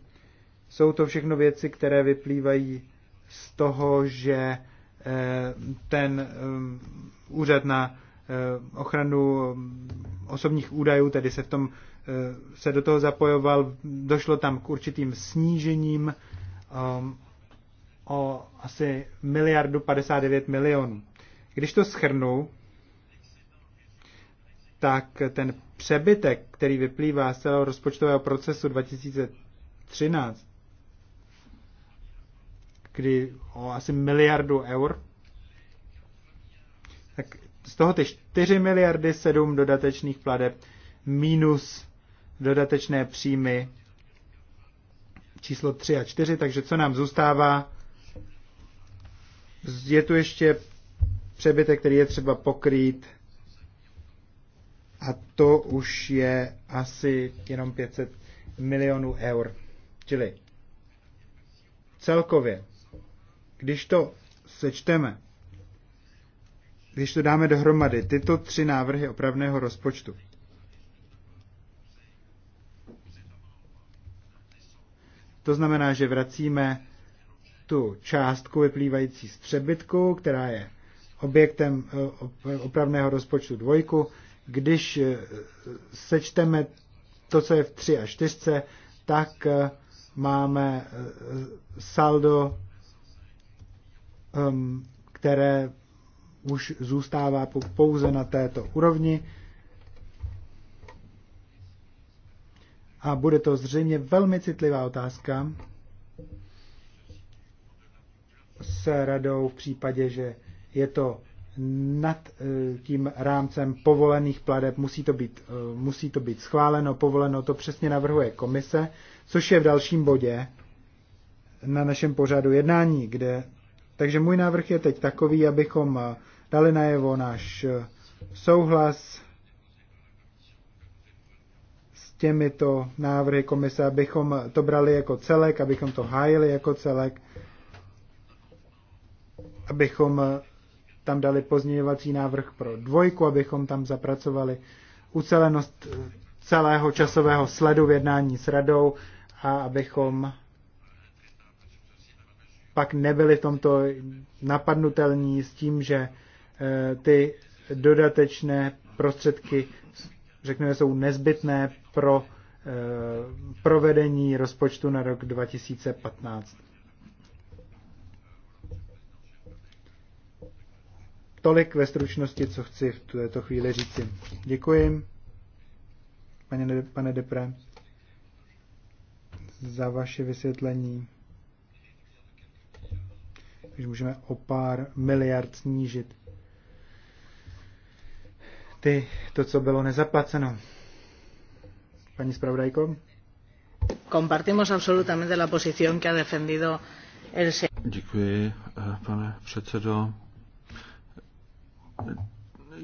jsou to všechno věci, které vyplývají z toho, že eh, ten eh, úřad na eh, ochranu osobních údajů, tedy se v tom se do toho zapojoval, došlo tam k určitým snížením ehm, o asi miliardu 59 milionů. Když to schrnu, tak ten přebytek, který vyplývá z celého rozpočtového procesu 2013, kdy o asi miliardu eur, tak z toho ty 4 miliardy 7 dodatečných pladeb minus dodatečné příjmy číslo 3 a 4, takže co nám zůstává? Je tu ještě přebytek, který je třeba pokrýt a to už je asi jenom 500 milionů eur. Čili celkově když to sečteme, když to dáme dohromady, tyto tři návrhy opravného rozpočtu, To znamená, že vracíme tu částku vyplývající z přebytku, která je objektem eh, opravného rozpočtu dvojku. Když eh, sečteme to, co je v 3 a 4, tak eh, máme saldo Um, které už zůstává pouze na této úrovni. A bude to zřejmě velmi citlivá otázka s radou v případě, že je to nad eh, tím rámcem povolených pladeb, musí to, být, eh, musí to být schváleno, povoleno, to přesně navrhuje komise, což je v dalším bodě na našem pořadu jednání, kde takže můj návrh je teď takový, abychom eh, dali najevo náš eh, souhlas s těmito návrhy komise, abychom to brali jako celek, abychom to hájili jako celek, abychom eh, tam dali pozměňovací návrh pro dvojku, abychom tam zapracovali ucelenost celého časového sledu v jednání s radou a abychom pak nebyli v tomto napadnutelní s tím, že eh, ty dodatečné prostředky, řekněme, jsou nezbytné pro eh, provedení rozpočtu na rok 2015. Tolik ve stručnosti, co chci v této chvíli říci. Děkuji, pane Depre, za vaše vysvětlení takže můžeme o pár miliard snížit ty, to, co bylo nezaplaceno. Paní zpravodajko? Compartimos absolutamente la posición que ha defendido el Děkuji, eh, pane předsedo.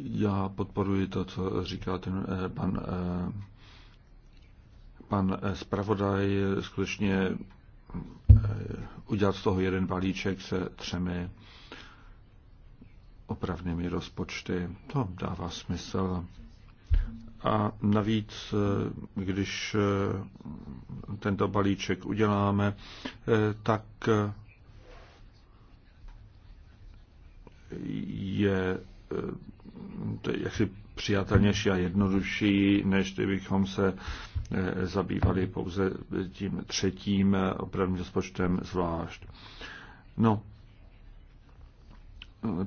Já podporuji to, co říká ten eh, pan, eh, pan zpravodaj. Skutečně Eh, udělat z toho jeden balíček se třemi opravnými rozpočty. To dává smysl. A navíc, eh, když eh, tento balíček uděláme, tak je to jaksi přijatelnější a jednodušší, než kdybychom se zabývali pouze tím třetím opravným rozpočtem zvlášť. No,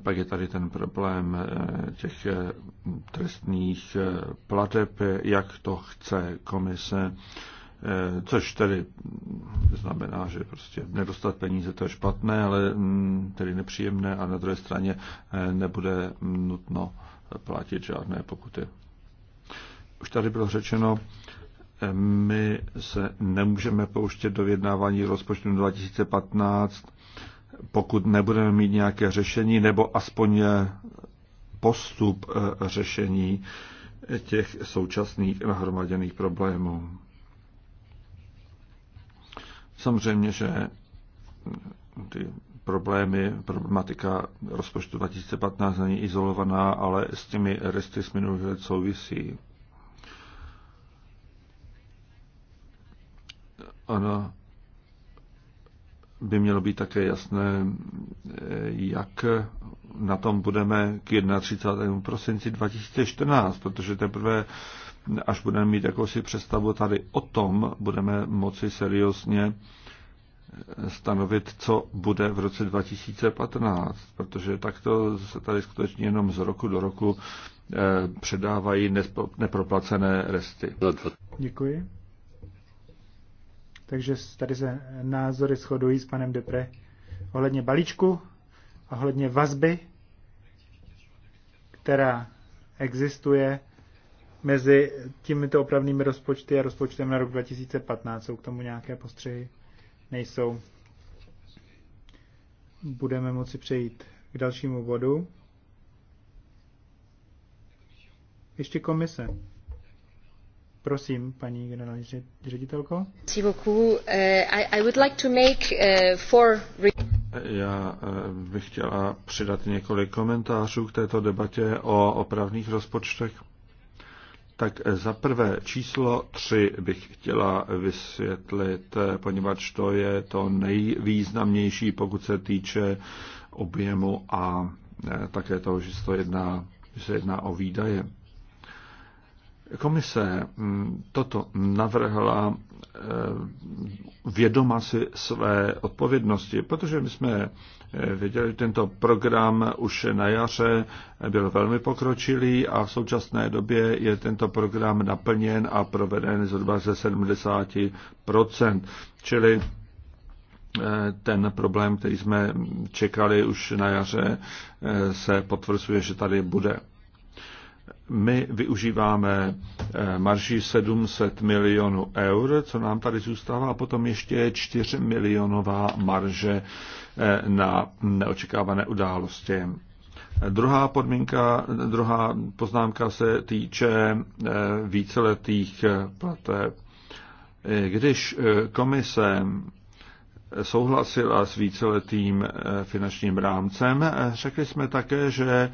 pak je tady ten problém těch trestných plateb, jak to chce komise, což tedy znamená, že prostě nedostat peníze to je špatné, ale tedy nepříjemné a na druhé straně nebude nutno platit žádné pokuty. Už tady bylo řečeno, my se nemůžeme pouštět do vyjednávání rozpočtu 2015, pokud nebudeme mít nějaké řešení nebo aspoň postup e, řešení těch současných nahromaděných problémů. Samozřejmě, že ty problémy, problematika rozpočtu 2015 není izolovaná, ale s těmi resty z minulých let souvisí. Ono by mělo být také jasné, jak na tom budeme k 31. prosinci 2014, protože teprve až budeme mít jakousi představu tady o tom, budeme moci seriózně stanovit, co bude v roce 2015, protože takto se tady skutečně jenom z roku do roku eh, předávají neproplacené resty. Děkuji. Takže tady se názory shodují s panem Depre ohledně balíčku, ohledně vazby, která existuje mezi těmito opravnými rozpočty a rozpočtem na rok 2015. Jsou k tomu nějaké postřehy? Nejsou. Budeme moci přejít k dalšímu bodu. Ještě komise. Prosím, paní generální ředitelko. Já bych chtěla přidat několik komentářů k této debatě o opravných rozpočtech. Tak eh, za prvé číslo tři bych chtěla vysvětlit, eh, poněvadž to je to nejvýznamnější, pokud se týče objemu a eh, také toho, že se, to jedná, že se jedná o výdaje. Komise mm, toto navrhla eh, vědoma si své odpovědnosti, protože my jsme eh, věděli, že tento program už na jaře byl velmi pokročilý a v současné době je tento program naplněn a proveden zhruba ze 70%. Čili eh, ten problém, který jsme čekali už na jaře, se potvrzuje, že tady bude my využíváme eh, marží 700 milionů eur, co nám tady zůstává, a potom ještě 4 milionová marže eh, na neočekávané události. Druhá podmínka, druhá poznámka se týče eh, víceletých plateb. Když komise souhlasila s víceletým eh, finančním rámcem. Řekli jsme také, že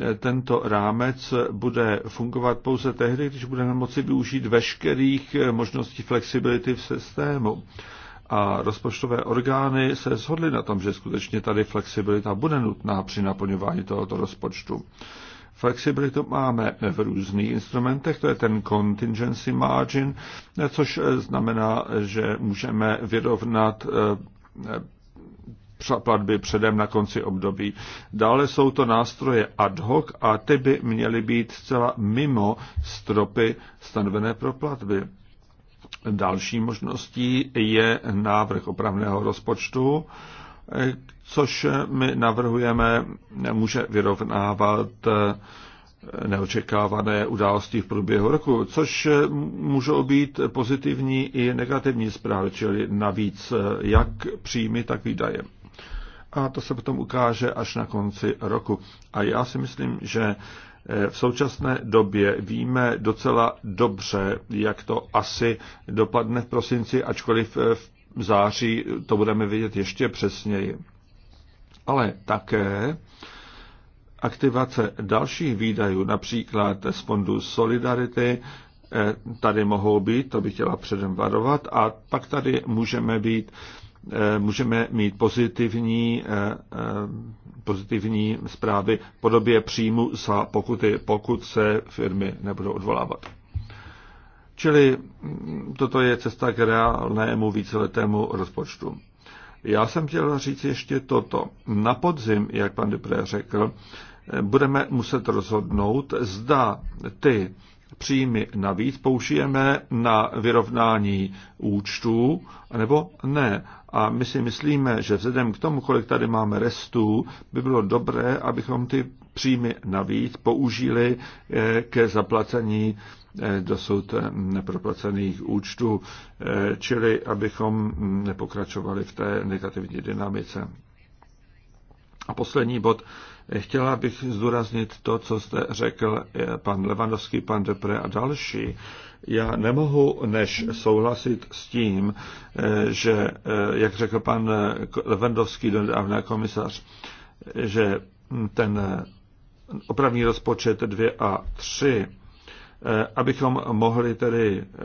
eh, tento rámec bude fungovat pouze tehdy, když budeme moci využít veškerých eh, možností flexibility v systému. A rozpočtové orgány se shodly na tom, že skutečně tady flexibilita bude nutná při naplňování tohoto rozpočtu. Flexibilitu máme v různých instrumentech, to je ten contingency margin, což znamená, že můžeme vyrovnat eh, eh, platby předem na konci období. Dále jsou to nástroje ad hoc a ty by měly být zcela mimo stropy stanovené pro platby. Další možností je návrh opravného rozpočtu, eh, což my navrhujeme, může vyrovnávat eh, neočekávané události v průběhu roku, což můžou být pozitivní i negativní zprávy, čili navíc eh, jak příjmy, tak výdaje. A to se potom ukáže až na konci roku. A já si myslím, že eh, v současné době víme docela dobře, jak to asi dopadne v prosinci, ačkoliv v září to budeme vidět ještě přesněji ale také aktivace dalších výdajů, například z fondu Solidarity, eh, tady mohou být, to bych chtěla předem varovat, a pak tady můžeme být eh, můžeme mít pozitivní, eh, pozitivní zprávy v podobě příjmu za pokuty, pokud se firmy nebudou odvolávat. Čili toto je cesta k reálnému víceletému rozpočtu. Já jsem chtěl říct ještě toto. Na podzim, jak pan Dupré řekl, budeme muset rozhodnout, zda ty příjmy navíc použijeme na vyrovnání účtů, nebo ne. A my si myslíme, že vzhledem k tomu, kolik tady máme restů, by bylo dobré, abychom ty příjmy navíc použili eh, ke zaplacení Eh, dosud neproplacených účtů, eh, čili abychom nepokračovali v té negativní dynamice. A poslední bod. Chtěla bych zdůraznit to, co jste řekl eh, pan Levandovský, pan Depre a další. Já nemohu než souhlasit s tím, že, jak řekl pan Levandovský, dodávna komisař, že ten opravní rozpočet 2 a 3 Eh, abychom mohli tedy eh,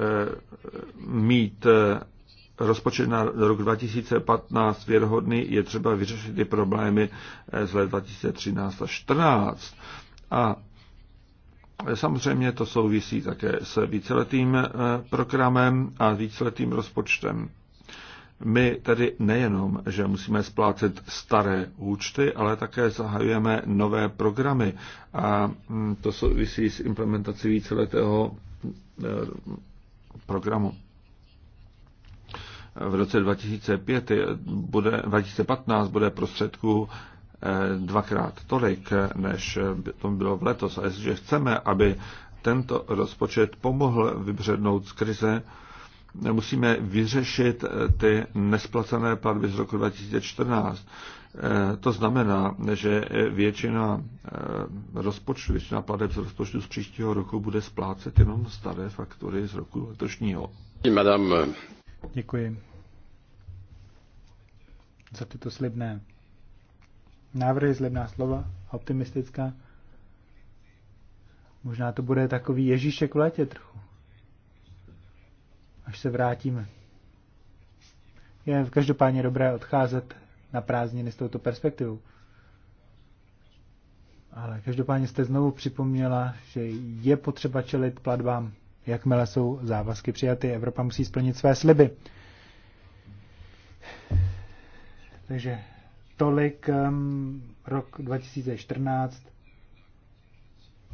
mít eh, rozpočet na rok 2015 věrhodný, je třeba vyřešit ty problémy z let 2013 a 2014. A samozřejmě to souvisí také s víceletým programem a víceletým rozpočtem. My tedy nejenom, že musíme splácet staré účty, ale také zahajujeme nové programy a mm, to souvisí s implementací víceletého eh, programu. V roce 2005 bude, 2015 bude prostředků eh, dvakrát tolik, než to bylo v letos. A jestliže chceme, aby tento rozpočet pomohl vybřednout z krize, musíme vyřešit eh, ty nesplacené platby z roku 2014. Eh, to znamená, že eh, většina rozpočtu, většina plateb z rozpočtu z příštího roku bude splácet jenom staré faktory z roku letošního. Děkuji za tyto slibné návrhy, slibná slova, optimistická. Možná to bude takový Ježíšek v létě trochu až se vrátíme. Je v každopádně dobré odcházet na prázdniny s touto perspektivou. Ale každopádně jste znovu připomněla, že je potřeba čelit platbám, jakmile jsou závazky přijaty. Evropa musí splnit své sliby. Takže tolik um, rok 2014.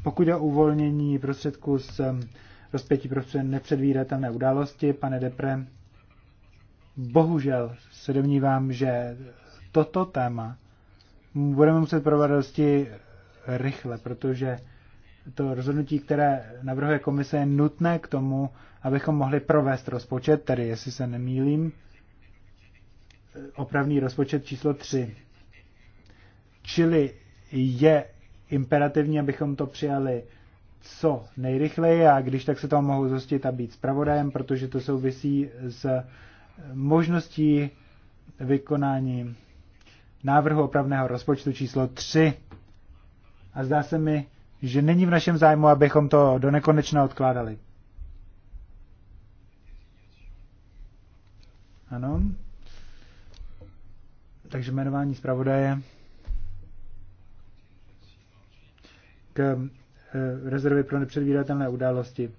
Pokud je uvolnění prostředků z um, rozpětí prostě nepředvídatelné události. Pane Depre, bohužel se domnívám, že toto téma budeme muset provádět dosti rychle, protože to rozhodnutí, které navrhuje komise, je nutné k tomu, abychom mohli provést rozpočet, tedy jestli se nemýlím, opravný rozpočet číslo 3. Čili je imperativní, abychom to přijali co nejrychleji a když tak se toho mohu zhostit a být zpravodajem, protože to souvisí s možností vykonání návrhu opravného rozpočtu číslo 3. A zdá se mi, že není v našem zájmu, abychom to do nekonečna odkládali. Ano. Takže jmenování zpravodaje k Eh, rezervy pro nepředvídatelné události.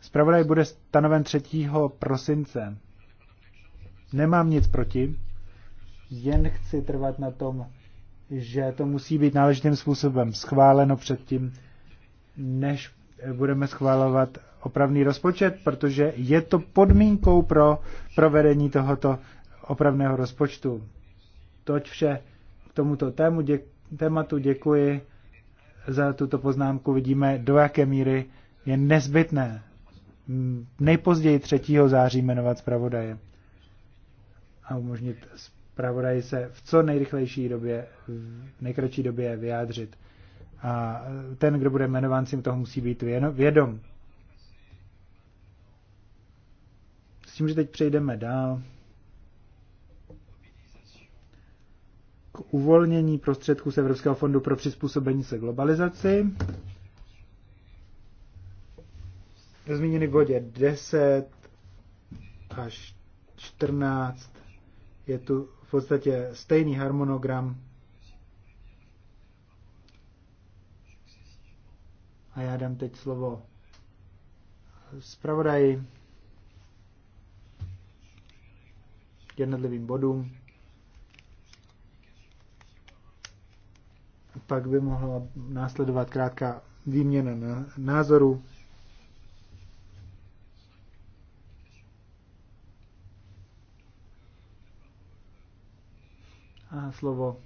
Spravodaj bude stanoven 3. prosince. Nemám nic proti, jen chci trvat na tom, že to musí být náležitým způsobem schváleno předtím, než budeme schválovat opravný rozpočet, protože je to podmínkou pro provedení tohoto opravného rozpočtu. Toť vše k tomuto tému, tématu děkuji za tuto poznámku. Vidíme, do jaké míry je nezbytné nejpozději 3. září jmenovat zpravodaje a umožnit zpravodaji se v co nejrychlejší době, v nejkratší době vyjádřit. A ten, kdo bude jmenován, si toho musí být vědom. S tím, že teď přejdeme dál. k uvolnění prostředků z Evropského fondu pro přizpůsobení se globalizaci. Zmíněny v bodě 10 až 14 je tu v podstatě stejný harmonogram. A já dám teď slovo zpravodaji jednotlivým bodům. pak by mohla následovat krátká výměna názoru. A slovo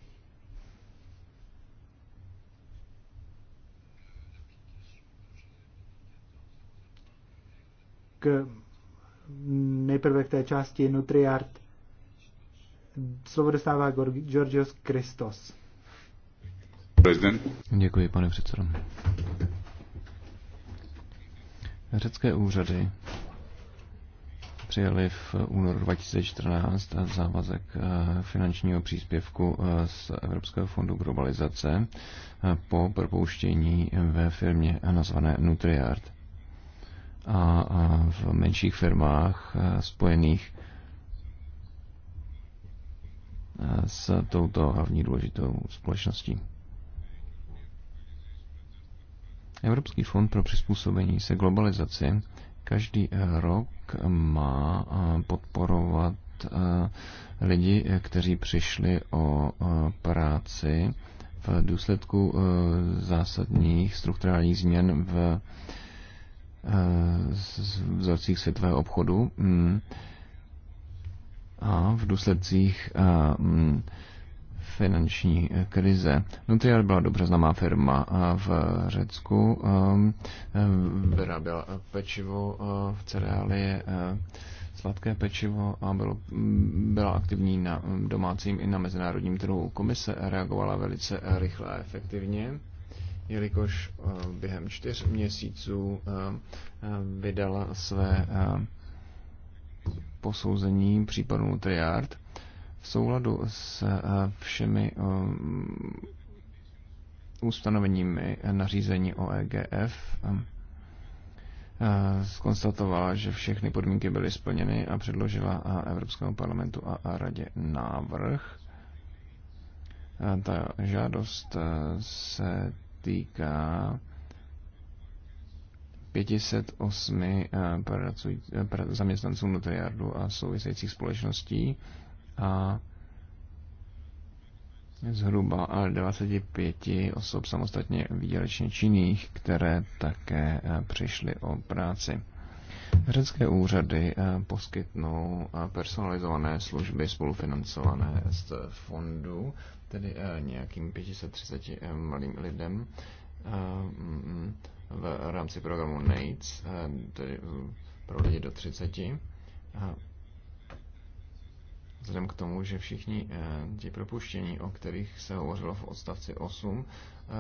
k nejprve k té části Nutriart. Slovo dostává Georgios Christos. President. Děkuji, pane předsedo. Řecké úřady přijali v únoru 2014 závazek eh, finančního příspěvku eh, z Evropského fondu globalizace eh, po propouštění ve firmě nazvané Nutriart a v menších firmách spojených s touto hlavní důležitou společností. Evropský fond pro přizpůsobení se globalizaci každý eh, rok má eh, podporovat eh, lidi, kteří přišli o práci v důsledku zásadních strukturálních změn v vzorcích světového obchodu mm. a v důsledcích mm, finanční krize. Nutriar byla dobře známá firma v Řecku, um, vyráběla pečivo uh, v cereálie, uh, sladké pečivo a bylo, byla aktivní na domácím i na mezinárodním trhu. Komise reagovala velice rychle a efektivně jelikož uh, během čtyř měsíců vydala své posouzení případu Nutriard souladu s eh, všemi eh, ustanoveními nařízení o EGF eh, zkonstatovala, že všechny podmínky byly splněny a předložila Evropskému parlamentu a radě návrh. Ta žádost se týká 508 zaměstnanců Nutriardu a souvisejících společností a zhruba 25 osob samostatně výdělečně činných, které také eh, přišly o práci. Řecké úřady eh, poskytnou eh, personalizované služby spolufinancované z fondu, tedy nějakým 530 malým lidem v rámci programu NAIDS, e tedy pro lidi do 30. Vzhledem k tomu, že všichni eh, ti propuštění, o kterých se hovořilo v odstavci 8, eh,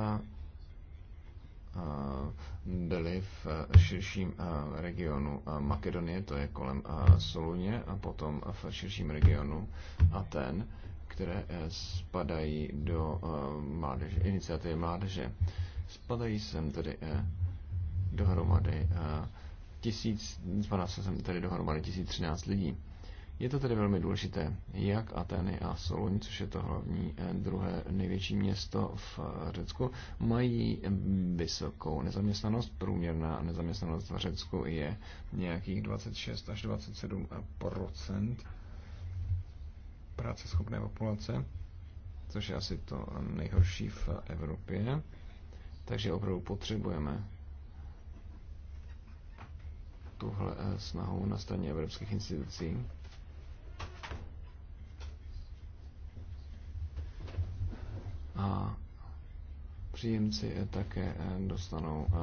eh, byli v širším regionu Makedonie, to je kolem Soluně, a potom v širším regionu Aten, které spadají do mládeže, iniciativy mládeže. Spadají sem tedy dohromady 1000, 12 sem tedy dohromady 1013 lidí. Je to tedy velmi důležité, jak Ateny a Solun, což je to hlavní eh, druhé největší město v eh, Řecku, mají eh, vysokou nezaměstnanost. Průměrná nezaměstnanost v Řecku je nějakých 26 až 27 práceschopné populace, což je asi to nejhorší v Evropě. Takže opravdu potřebujeme tuhle snahu na straně evropských institucí a příjemci také eh, dostanou eh,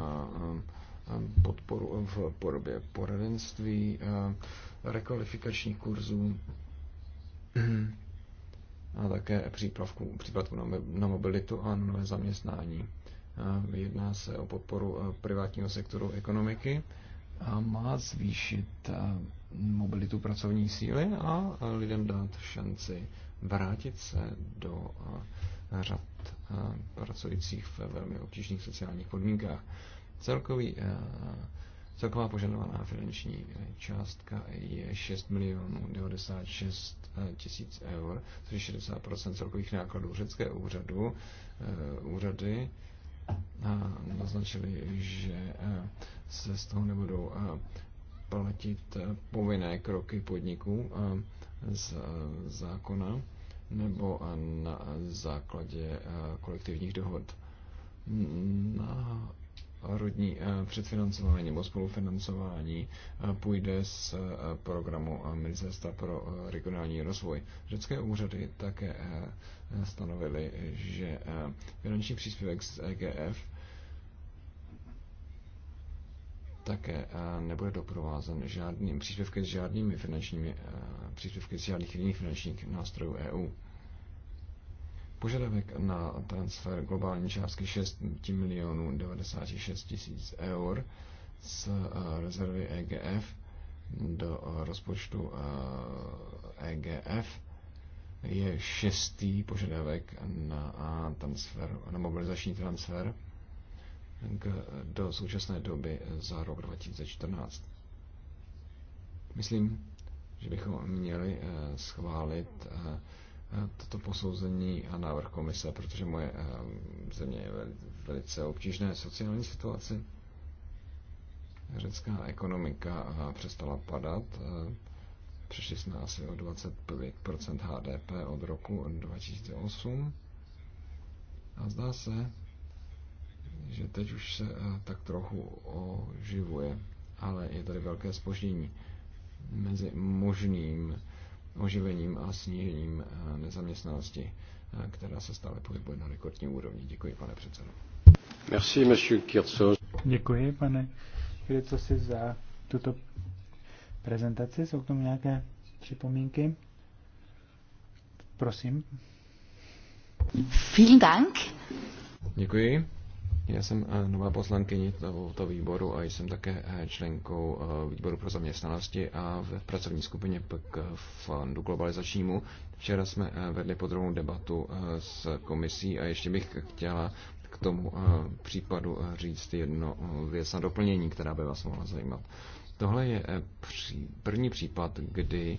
eh, podporu v podobě poradenství, rekvalifikačních kurzů *clears throat* a také přípravku, přípravku na mobilitu a nové zaměstnání. Jedná se o podporu privátního sektoru ekonomiky a má zvýšit mobilitu pracovní síly a lidem dát šanci vrátit se do řad eh, pracujících v velmi obtížných sociálních podmínkách. Celkový, eh, celková požadovaná finanční částka je 6 milionů 96 eh, tisíc eur, což je 60% celkových nákladů řecké úřadu, úřady naznačili, že se z toho nebudou platit povinné kroky podniků z zákona nebo na základě eh, kolektivních dohod. Na rodní eh, předfinancování nebo spolufinancování eh, půjde z programu Ministerstva pro regionální rozvoj. Řecké úřady také stanovily, že finanční příspěvek z EGF také eh, nebude doprovázen žádným příspěvky s žádnými finančními eh, příspěvky z žádných jiných finančních nástrojů EU. Požadavek na transfer globální částky 6 milionů 96 tisíc eur z eh, rezervy EGF do rozpočtu EGF e je šestý požadavek na transfer, na mobilizační transfer k, do současné doby za rok 2014. Myslím, že bychom měli eh, schválit eh, toto posouzení a návrh komise, protože moje eh, země je velice obtížné sociální situaci. Řecká ekonomika přestala padat. Přišli jsme asi o 25% HDP od roku 2008. A zdá se, že teď už se eh, tak trochu oživuje, ale je tady velké spoždění mezi možným oživením a snížením eh, nezaměstnanosti, eh, která se stále pohybuje na rekordní úrovni. Děkuji, pane předsedo. Merci, monsieur Kircos. Děkuji, pane si za tuto prezentaci. Jsou k tomu nějaké připomínky? Prosím. Vielen Dank. Děkuji. Já jsem eh, nová poslankyně tohoto výboru a jsem také eh, členkou eh, výboru pro zaměstnanosti a v pracovní skupině k fondu globalizačnímu. Včera jsme vedli podrobnou debatu s komisí a ještě bych chtěla k tomu případu říct jedno věc na doplnění, která by vás mohla zajímat. Tohle je první případ, kdy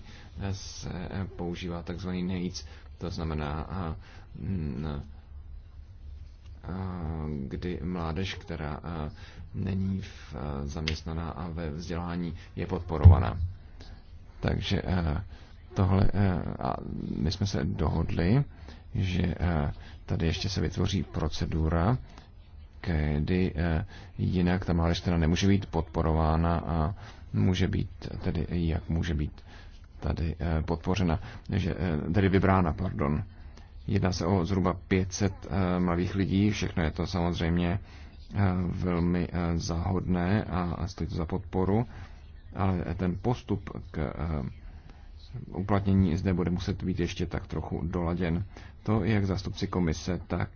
se používá takzvaný nejc, to znamená Eh, kdy mládež, která eh, není eh, zaměstnaná a ve vzdělání, je podporovaná. Takže tohle, a my jsme se dohodli, že tady ještě se vytvoří procedura, kdy jinak ta mládež teda nemůže být podporována a může být tedy, jak může být tady podpořena, že, tedy vybrána, pardon. Jedná se o zhruba 500 eh, malých lidí, všechno je to samozřejmě eh, velmi eh, záhodné a stojí to za podporu, ale ten postup k uplatnění zde bude muset být ještě tak trochu doladěn. To jak zástupci komise, tak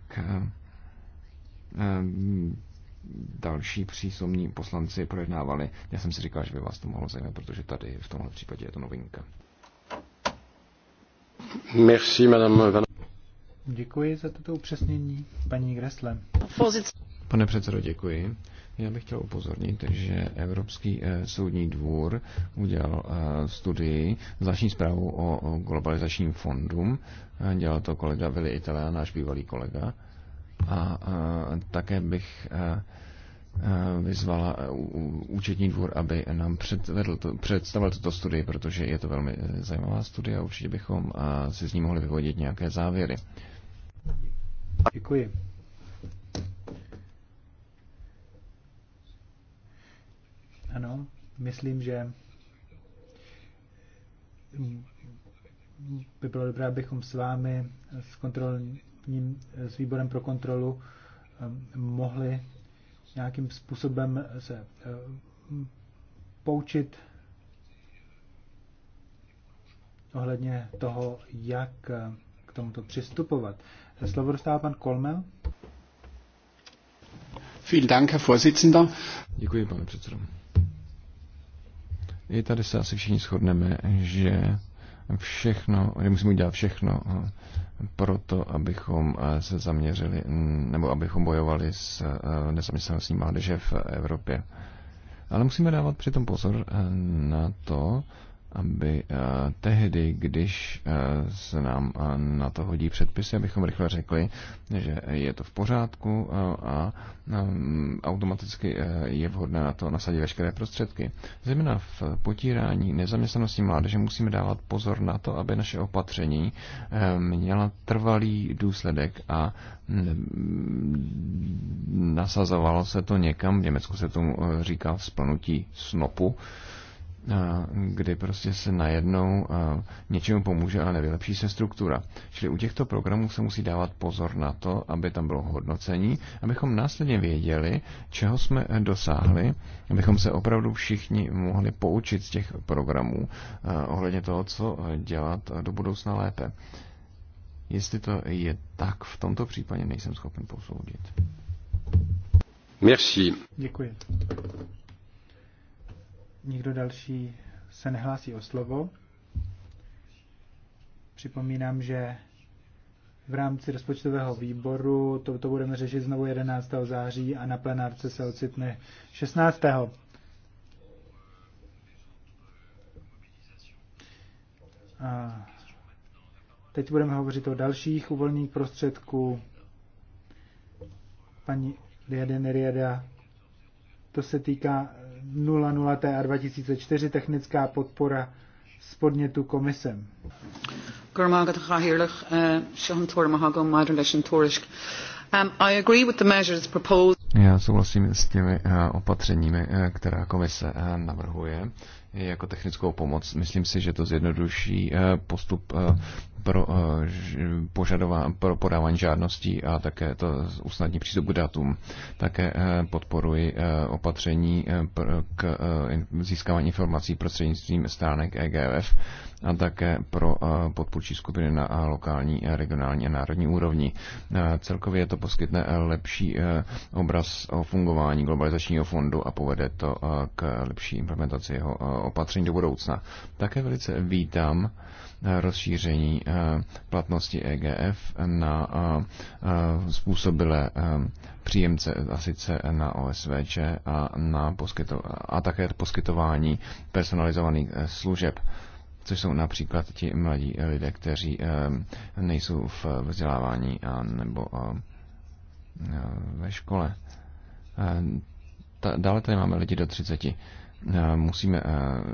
další přísomní poslanci projednávali. Já jsem si říkal, že by vás to mohlo zajímat, protože tady v tomhle případě je to novinka. Merci, madame. Děkuji za toto upřesnění, paní Gressle. Pane předsedo, děkuji. Já bych chtěl upozornit, že Evropský eh, soudní dvůr udělal eh, studii, zvláštní zprávu o globalizačním fondu. Eh, dělal to kolega Vili Italia, náš bývalý kolega. A také bych vyzvala účetní dvůr, aby nám předvedl, představil tuto studii, protože je to velmi zajímavá studie a určitě bychom si z ní mohli vyvodit nějaké závěry. Děkuji. Ano, myslím, že by bylo dobré, abychom s vámi s, kontrolním, s výborem pro kontrolu ehm, mohli nějakým způsobem se ehm, poučit ohledně toho, jak k tomuto přistupovat. Slovo dostává pan Kolmel. Vielen Dank, Herr Vorsitzender. Děkuji, pane předsedo. I tady se asi všichni shodneme, že všechno, že musíme udělat všechno eh, pro to, abychom eh, se zaměřili, mm, nebo abychom bojovali s eh, nezaměstnaností mládeže v Evropě. Ale musíme dávat přitom pozor na to, aby eh, tehdy, když eh, se nám eh, na to hodí předpisy, abychom rychle řekli, že je to v pořádku a automaticky je vhodné na to nasadit veškeré prostředky. Zejména v potírání nezaměstnanosti mládeže musíme dávat pozor na to, aby naše opatření měla trvalý důsledek a mm, nasazovalo se to někam, v Německu se tomu říká vzplnutí snopu, kdy prostě se najednou něčemu pomůže, ale nevylepší se struktura. Čili u těchto programů se musí dávat pozor na to, aby tam bylo hodnocení, abychom následně věděli, čeho jsme dosáhli, abychom se opravdu všichni mohli poučit z těch programů ohledně toho, co dělat do budoucna lépe. Jestli to je tak, v tomto případě nejsem schopen posoudit. Merci. Děkuji. Nikdo další se nehlásí o slovo. Připomínám, že v rámci rozpočtového výboru to, to budeme řešit znovu 11. září a na plenárce se ocitne 16. A teď budeme hovořit o dalších uvolněných prostředků. Paní Liade Neriada, to se týká 00 TR 2004 technická podpora z podnětu komisem. Um, Já souhlasím s těmi uh, opatřeními, uh, která komise uh, navrhuje jako technickou pomoc. Myslím si, že to zjednoduší postup pro, eh, požadová, pro podávání žádností a také to usnadní přístup k datům. Také eh, podporuji eh, opatření k získávání informací prostřednictvím stránek EGF a také pro podpůrčí skupiny na lokální, regionální a národní úrovni. Celkově to poskytne lepší obraz o fungování globalizačního fondu a povede to k lepší implementaci jeho opatření do budoucna. Také velice vítám, rozšíření eh, platnosti EGF na eh, eh, způsobilé příjemce, a sice na OSVČ a, na poskyto, a také poskytování personalizovaných služeb což jsou například ti mladí lidé, kteří nejsou v vzdělávání a nebo ve škole. Dále tady máme lidi do 30 Eh, musíme eh,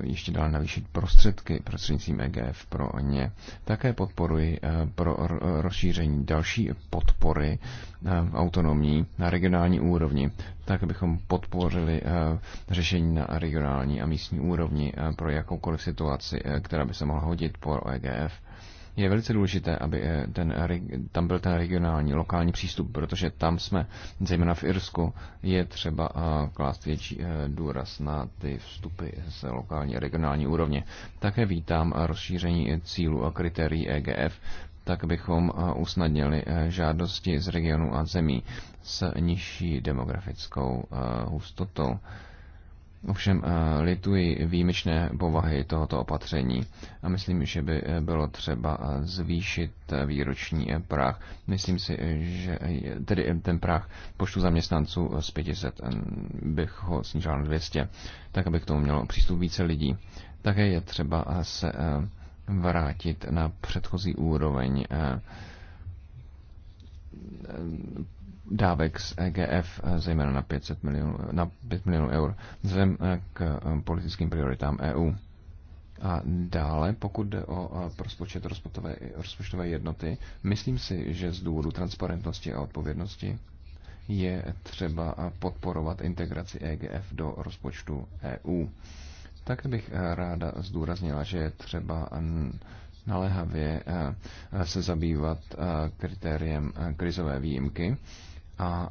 ještě dál navýšit prostředky prostřednictvím EGF pro ně. Také podporuji eh, pro rozšíření další podpory autonomní na regionální úrovni, tak abychom podpořili řešení na regionální a místní úrovni pro jakoukoliv situaci, která by se mohla hodit po EGF je velice důležité, aby eh, ten, tam byl ten regionální, lokální přístup, protože tam jsme, zejména v Irsku, je třeba eh, klást větší eh, důraz na ty vstupy z lokální a regionální úrovně. Také vítám rozšíření cílů a kritérií EGF, tak bychom usnadnili žádosti z regionu a zemí s nižší demografickou hustotou. Ovšem eh, lituji výjimečné povahy tohoto opatření a myslím, že by eh, bylo třeba eh, zvýšit výroční práh. Myslím si, že tedy ten práh poštu zaměstnanců z 500 bych ho snížil na 200, tak aby k tomu mělo přístup více lidí. Také je třeba se vrátit na předchozí úroveň dávek z EGF, eh, zejména na, 500 milionů, na 5 milionů eur, vzhledem eh, k eh, politickým prioritám EU. A dále, pokud jde o rozpočet rozpočtové, rozpočtové jednoty, myslím si, že z důvodu transparentnosti a odpovědnosti je třeba podporovat integraci EGF do rozpočtu EU. Tak bych ráda zdůraznila, že je třeba naléhavě se zabývat kritériem krizové výjimky a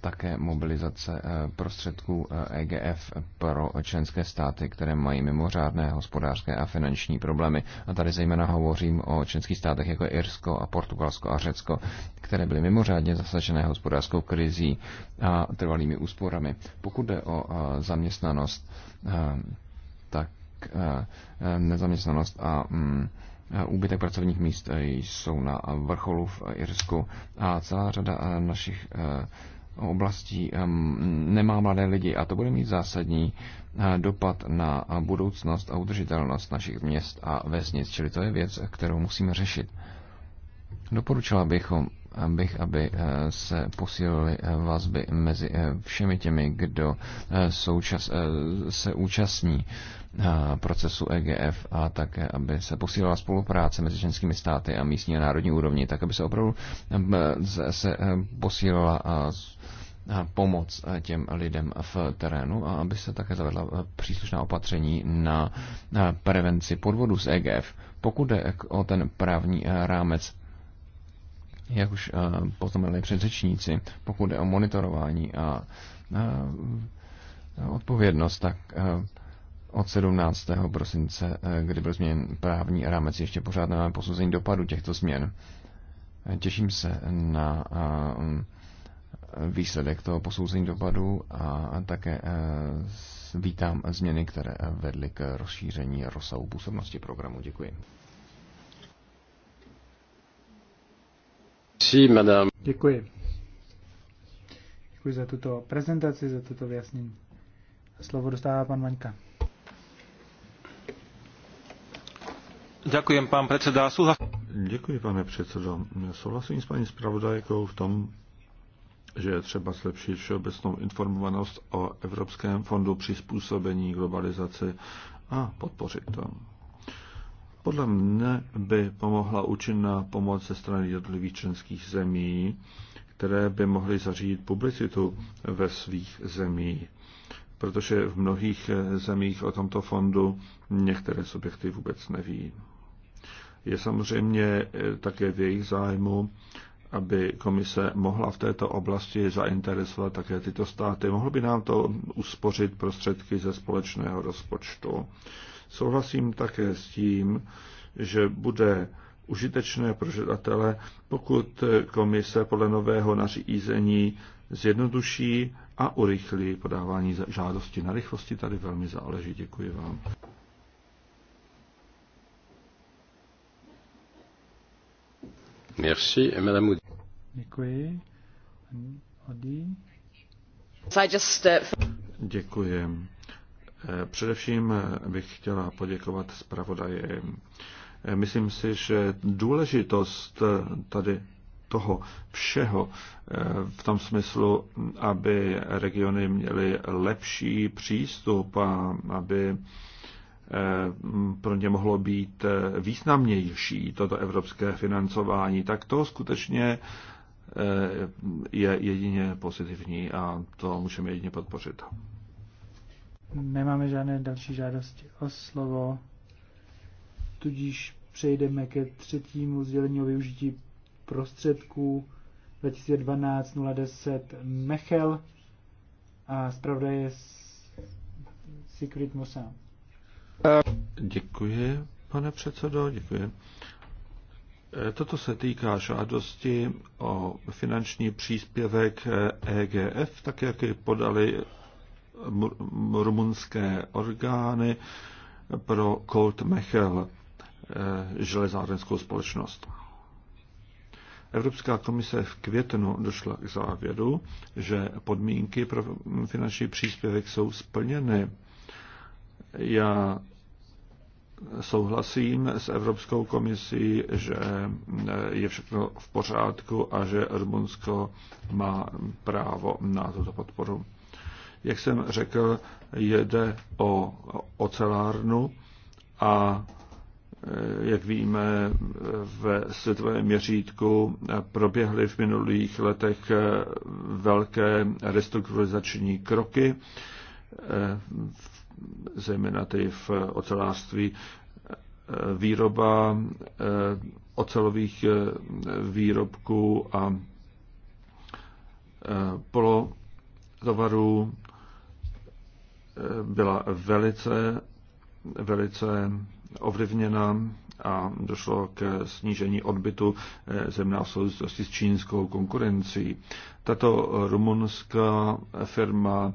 také mobilizace e, prostředků EGF e pro členské státy, které mají mimořádné hospodářské a finanční problémy. A tady zejména hovořím o členských státech jako Irsko a Portugalsko a Řecko, které byly mimořádně zasažené hospodářskou krizí a trvalými úsporami. Pokud jde o e, zaměstnanost, tak nezaměstnanost a mm, úbytek pracovních míst eh, jsou na vrcholu v Irsku a celá řada eh, našich eh, oblastí ehm, nemá mladé lidi a to bude mít zásadní dopad na budoucnost a udržitelnost našich měst a vesnic, čili to je věc, kterou musíme řešit. Doporučila bychom, abych, aby eh, se posílily eh, vazby mezi eh, všemi těmi, kdo součas, se účastní procesu EGF a také, aby se posílila spolupráce mezi členskými státy a místní a národní úrovni, tak aby se opravdu se posílila pomoc těm lidem v terénu a aby se také zavedla příslušná opatření na prevenci podvodu z EGF. Pokud jde o ten právní rámec, jak už eh, poznamenali předřečníci, pokud je o monitorování a eh, eh, odpovědnost, tak od 17. prosince, kdy byl změněn právní rámec, ještě pořád nemáme posouzení dopadu těchto změn. Těším se na výsledek toho posouzení dopadu a také vítám změny, které vedly k rozšíření rozsahu působnosti programu. Děkuji. Sí, madame. Děkuji. Děkuji za tuto prezentaci, za toto vyjasnění. Slovo dostává pan Maňka. Děkuji, pan předseda. Sluha. Děkuji, pane předsedo. Souhlasím s paní zpravodajkou v tom, že je třeba zlepšit všeobecnou informovanost o Evropském fondu přizpůsobení globalizaci a podpořit to. Podle mne by pomohla účinná pomoc ze strany jednotlivých členských zemí, které by mohly zařídit publicitu ve svých zemích, protože v mnohých eh, zemích o tomto fondu některé subjekty vůbec neví. Je samozřejmě eh, také v jejich zájmu, aby komise mohla v této oblasti zainteresovat také tyto státy. Mohlo by nám to uspořit prostředky ze společného rozpočtu. Souhlasím také s tím, že bude užitečné pro žadatele, pokud komise podle nového nařízení zjednoduší a urychlí podávání žádosti na rychlosti. Tady velmi záleží. Děkuji vám. Merci, Madame Děkuji. Uh, Děkuji. Eh, především eh, bych chtěla poděkovat zpravodaji. Eh, myslím si, že důležitost tady toho všeho v tom smyslu, aby regiony měly lepší přístup a aby pro ně mohlo být významnější toto evropské financování, tak to skutečně je jedině pozitivní a to můžeme jedině podpořit. Nemáme žádné další žádosti o slovo, tudíž přejdeme ke třetímu sdělení o využití prostředků 2012-010 Mechel a zpravda je Secret Musa. Děkuji, pane předsedo, děkuji. Toto se týká žádosti o finanční příspěvek EGF, tak jak ji podali rumunské orgány pro Colt Mechel, eh, železářenskou společnost. Evropská komise v květnu došla k závěru, že podmínky pro finanční příspěvek jsou splněny. Já souhlasím s Evropskou komisí, že eh, je všechno v pořádku a že Rumunsko má právo na tuto podporu. Jak jsem řekl, jede o ocelárnu a eh, jak víme, ve světovém měřítku proběhly v minulých letech eh, velké restrukturalizační kroky, eh, zejména ty v ocelářství. Výroba ocelových výrobků a polotovarů byla velice, velice ovlivněna a došlo k snížení odbytu eh, zemná v souvislosti s čínskou konkurencí. Tato rumunská firma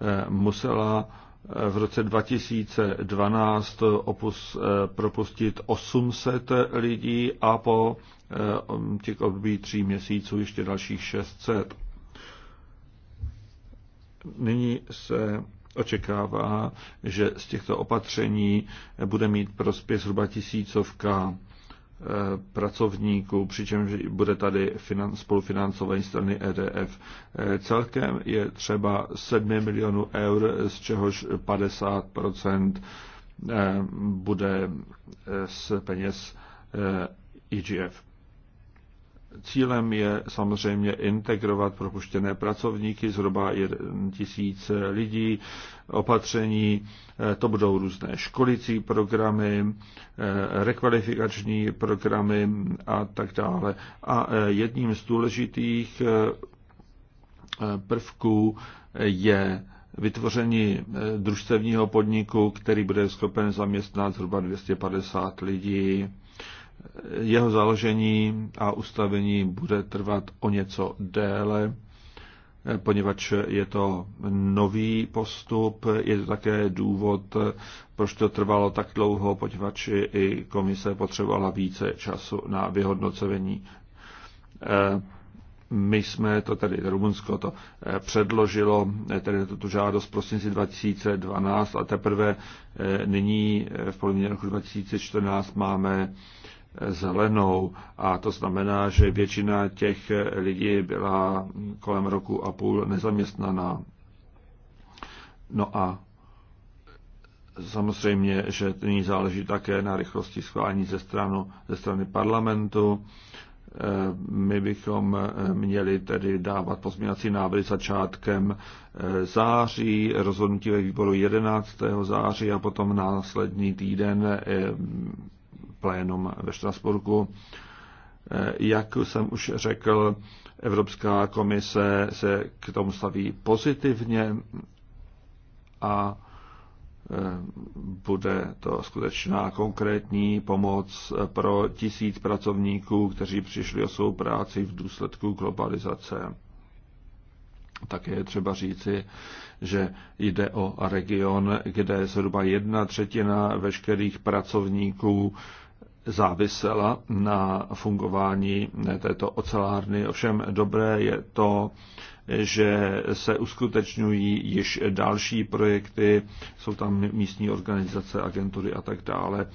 eh, musela eh, v roce 2012 opus, propustit 800 lidí a po těch odbí tří měsíců ještě dalších 600. Nyní se očekává, že z těchto opatření bude mít prospěch zhruba tisícovka eh, pracovníků, přičemž bude tady spolufinancování strany EDF. Eh, celkem je třeba 7 milionů eur, z čehož 50 eh, bude z peněz IGF. Cílem je samozřejmě integrovat propuštěné pracovníky, zhruba tisíc lidí, opatření, eh, to budou různé školicí programy, eh, rekvalifikační programy a tak dále. A eh, jedním z důležitých prvků je vytvoření družstevního podniku, který bude schopen zaměstnat zhruba 250 lidí jeho založení a ustavení bude trvat o něco déle, poněvadž je to nový postup, je to také důvod, proč to trvalo tak dlouho, poněvadž i komise potřebovala více času na vyhodnocení. My jsme to tedy, Rumunsko to předložilo, tedy tuto žádost v prosinci 2012 a teprve nyní v polovině roku 2014 máme zelenou a to znamená, že většina těch lidí byla kolem roku a půl nezaměstnaná. No a samozřejmě, že nyní záleží také na rychlosti schválení ze, stranu, ze strany parlamentu. Eh, my bychom eh, měli tedy dávat pozměňovací návrhy začátkem eh, září, rozhodnutí ve výboru 11. září a potom následný týden plénum ve Štrasburku. Eh, jak jsem už řekl, Evropská komise se k tomu staví pozitivně a eh, bude to skutečná konkrétní pomoc pro tisíc pracovníků, kteří přišli o svou práci v důsledku globalizace. Také je třeba říci, že jde o region, kde zhruba jedna třetina veškerých pracovníků závisela na fungování této ocelárny. Ovšem dobré je to, že se uskutečňují již další projekty, jsou tam místní organizace, agentury a tak dále,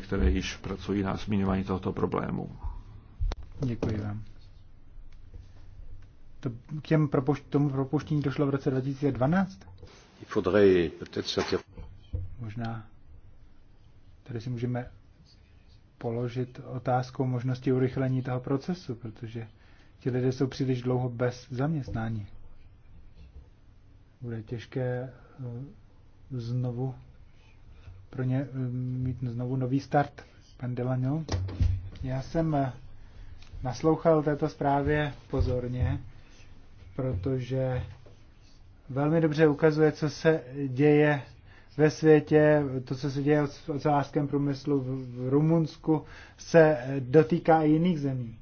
které již pracují na zmiňování tohoto problému. Děkuji vám. To, k těm propoš- tomu propuštění došlo v roce 2012? Možná tady si můžeme položit otázku možnosti urychlení toho procesu, protože ti lidé jsou příliš dlouho bez zaměstnání. Bude těžké eh, znovu pro ně eh, mít znovu nový start. Pan Delano, já jsem eh, naslouchal této zprávě pozorně, protože velmi dobře ukazuje, co se děje ve světě, to, co se děje v ocelářském průmyslu v Rumunsku, se dotýká i jiných zemí.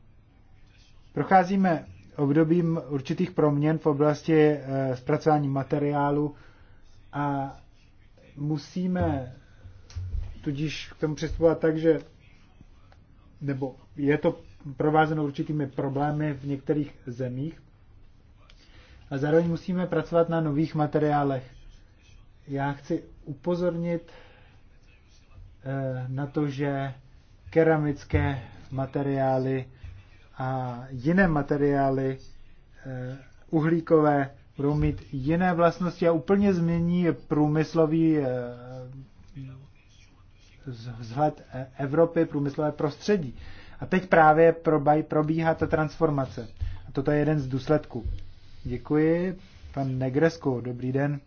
Procházíme obdobím určitých proměn v oblasti eh, zpracování materiálu a musíme tudíž k tomu přistupovat tak, že nebo je to provázeno určitými problémy v některých zemích a zároveň musíme pracovat na nových materiálech. Já chci upozornit eh, na to, že keramické materiály a jiné materiály eh, uhlíkové budou mít jiné vlastnosti a úplně změní průmyslový eh, vzhled e- Evropy, průmyslové prostředí. A teď právě probíhá ta transformace. A toto je jeden z důsledků. Děkuji. Pan Negresko, dobrý den.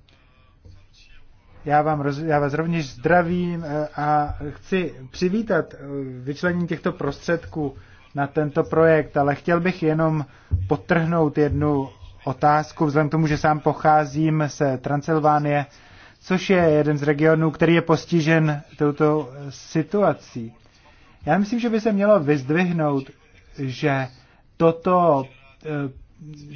Já, vám roz, já vás rovněž zdravím eh, a chci přivítat eh, vyčlení těchto prostředků na tento projekt, ale chtěl bych jenom potrhnout jednu otázku, vzhledem k tomu, že sám pocházím se Transylvánie, což je jeden z regionů, který je postižen touto situací. Já myslím, že by se mělo vyzdvihnout, že toto eh,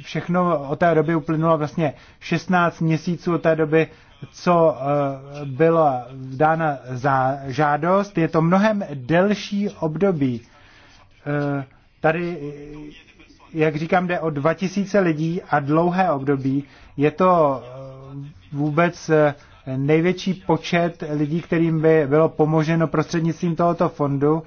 všechno od té doby uplynulo vlastně 16 měsíců od té doby, co eh, byla dána za žádost. Je to mnohem delší období. Eh, tady, jak říkám, jde o 2000 lidí a dlouhé období. Je to eh, vůbec největší počet lidí, kterým by bylo pomoženo prostřednictvím tohoto fondu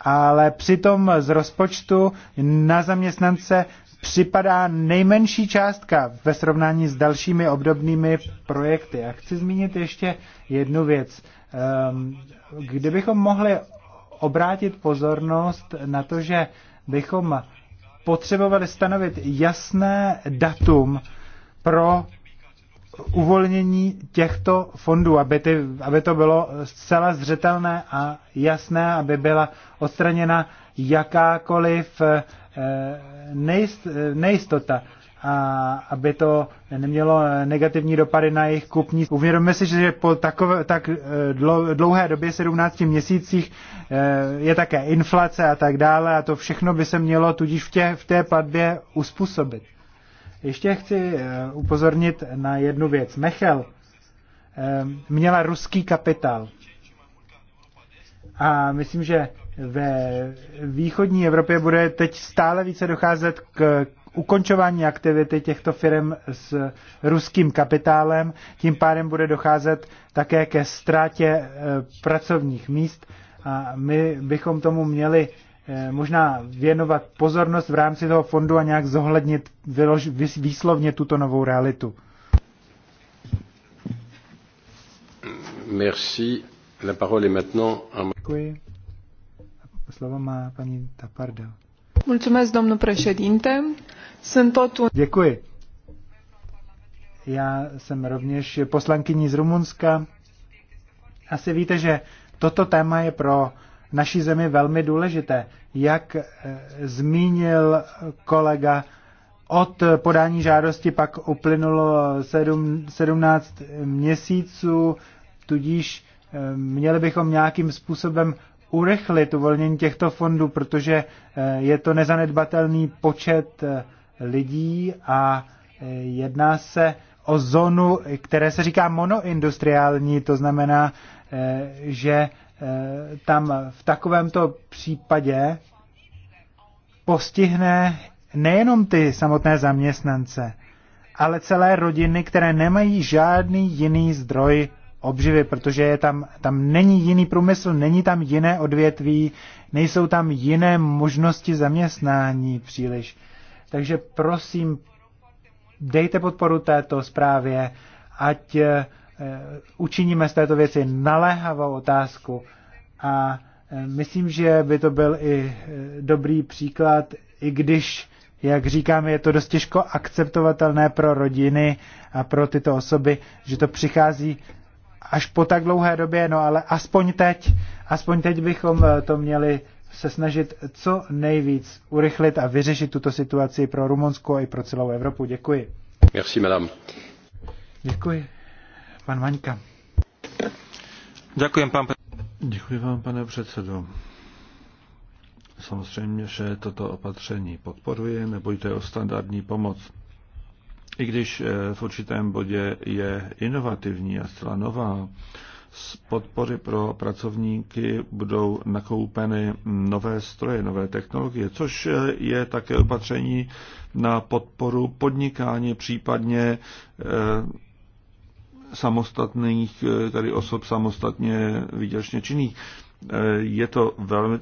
ale přitom z rozpočtu na zaměstnance připadá nejmenší částka ve srovnání s dalšími obdobnými projekty. A chci zmínit ještě jednu věc. Ehm, kdybychom mohli obrátit pozornost na to, že bychom potřebovali stanovit jasné datum pro uvolnění těchto fondů, aby, ty, aby to bylo zcela zřetelné a jasné, aby byla odstraněna jakákoliv Eh, nejist, eh, nejistota a aby to nemělo eh, negativní dopady na jejich kupní. Uvědomme si, že po takové, tak dlouhé době, 17 měsících, je také inflace a tak dále a to všechno by se mělo tudíž v, tě, v té platbě uspůsobit. Ještě chci upozornit na jednu věc. Mechel měla ruský kapitál. A myslím, že ve východní Evropě bude teď stále více docházet k ukončování aktivity těchto firm s ruským kapitálem. Tím pádem bude docházet také ke ztrátě eh, pracovních míst a my bychom tomu měli eh, možná věnovat pozornost v rámci toho fondu a nějak zohlednit vylož, výslovně tuto novou realitu. Merci. La parole est maintenant à... Děkuji. Slovo má paní Tapardel. Mulțumesc, domnul președinte. Sunt tot un... Děkuji. Já jsem rovněž poslankyní z Rumunska. Asi víte, že toto téma je pro naší zemi velmi důležité. Jak eh, zmínil kolega, od podání žádosti pak uplynulo 17 měsíců, tudíž eh, měli bychom nějakým způsobem urychlit uvolnění těchto fondů, protože eh, je to nezanedbatelný počet eh, lidí a eh, jedná se o zónu, které se říká monoindustriální, to znamená, že tam v takovémto případě postihne nejenom ty samotné zaměstnance, ale celé rodiny, které nemají žádný jiný zdroj obživy, protože je tam, tam není jiný průmysl, není tam jiné odvětví, nejsou tam jiné možnosti zaměstnání příliš. Takže prosím, dejte podporu této zprávě, ať eh, učiníme z této věci naléhavou otázku a eh, myslím, že by to byl i eh, dobrý příklad, i když, jak říkám, je to dost těžko akceptovatelné pro rodiny a pro tyto osoby, že to přichází až po tak dlouhé době, no ale aspoň teď, aspoň teď bychom eh, to měli se snažit co nejvíc urychlit a vyřešit tuto situaci pro Rumunsko i pro celou Evropu. Děkuji. Merci, madame. Děkuji. Pan Maňka. Děkuji, pan... Děkuji vám, pane předsedo. Samozřejmě, že toto opatření podporuje, nebojte o standardní pomoc i když eh, v určitém bodě je inovativní a zcela nová. Z podpory pro pracovníky budou nakoupeny nové stroje, nové technologie, což eh, je také opatření na podporu podnikání, případně eh, samostatných, tady osob samostatně výdělečně činných. Eh, je to velmi,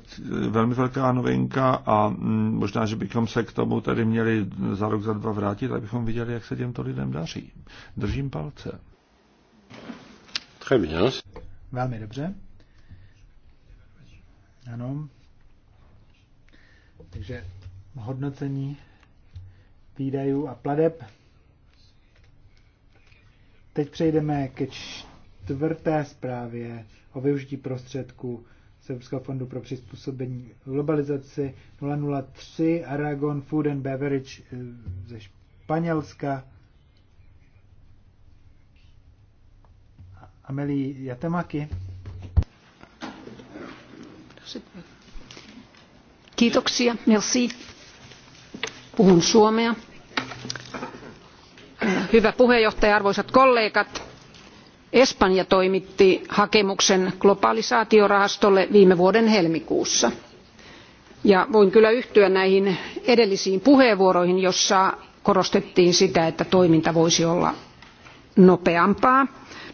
velmi velká novinka a mm, možná, že bychom se k tomu tady měli za rok, za dva vrátit, abychom viděli, jak se těmto lidem daří. Držím palce. Velmi dobře. Ano. Takže hodnocení výdajů a pladeb. Teď přejdeme ke čtvrté zprávě o využití prostředků z Evropského fondu pro přizpůsobení globalizaci, 003 Aragon Food and Beverage eh, ze Španělska, Amelie Jatemaki. Kiitoksia, merci. Puhun suomea. Hyvä puheenjohtaja, arvoisat kollegat espanja toimitti hakemuksen globalisaatiorahastolle viime vuoden helmikuussa ja voin kyllä yhtyä näihin edellisiin puheenvuoroihin joissa korostettiin sitä että toiminta voisi olla nopeampaa.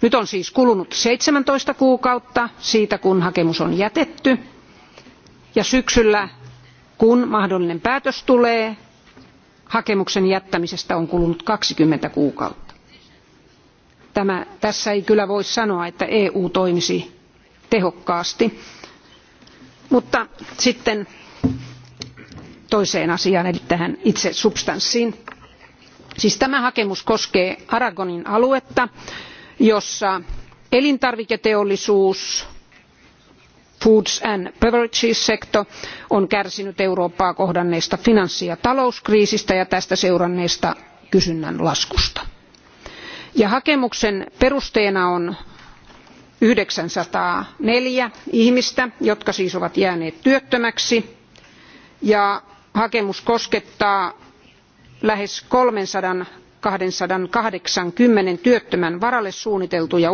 nyt on siis kulunut seitsemäntoista kuukautta siitä kun hakemus on jätetty ja syksyllä kun mahdollinen päätös tulee hakemuksen jättämisestä on kulunut kaksikymmentä kuukautta tässä ei kyllä voi sanoa, että EU toimisi tehokkaasti. Mutta sitten toiseen asiaan, eli tähän itse substanssiin. Siis tämä hakemus koskee Aragonin aluetta, jossa elintarviketeollisuus, foods and beverages sector on kärsinyt eurooppaa kohdanneesta finanssi ja talouskriisistä ja tästä seuranneesta kysynnän laskusta ja hakemuksen perusteena on yhdeksänsataaneljä ihmistä jotka siis ovat jääneet työttömäksi ja hakemus koskettaa lähes kolmesataakahdeksankymmentä työttömän varalle suunniteltuja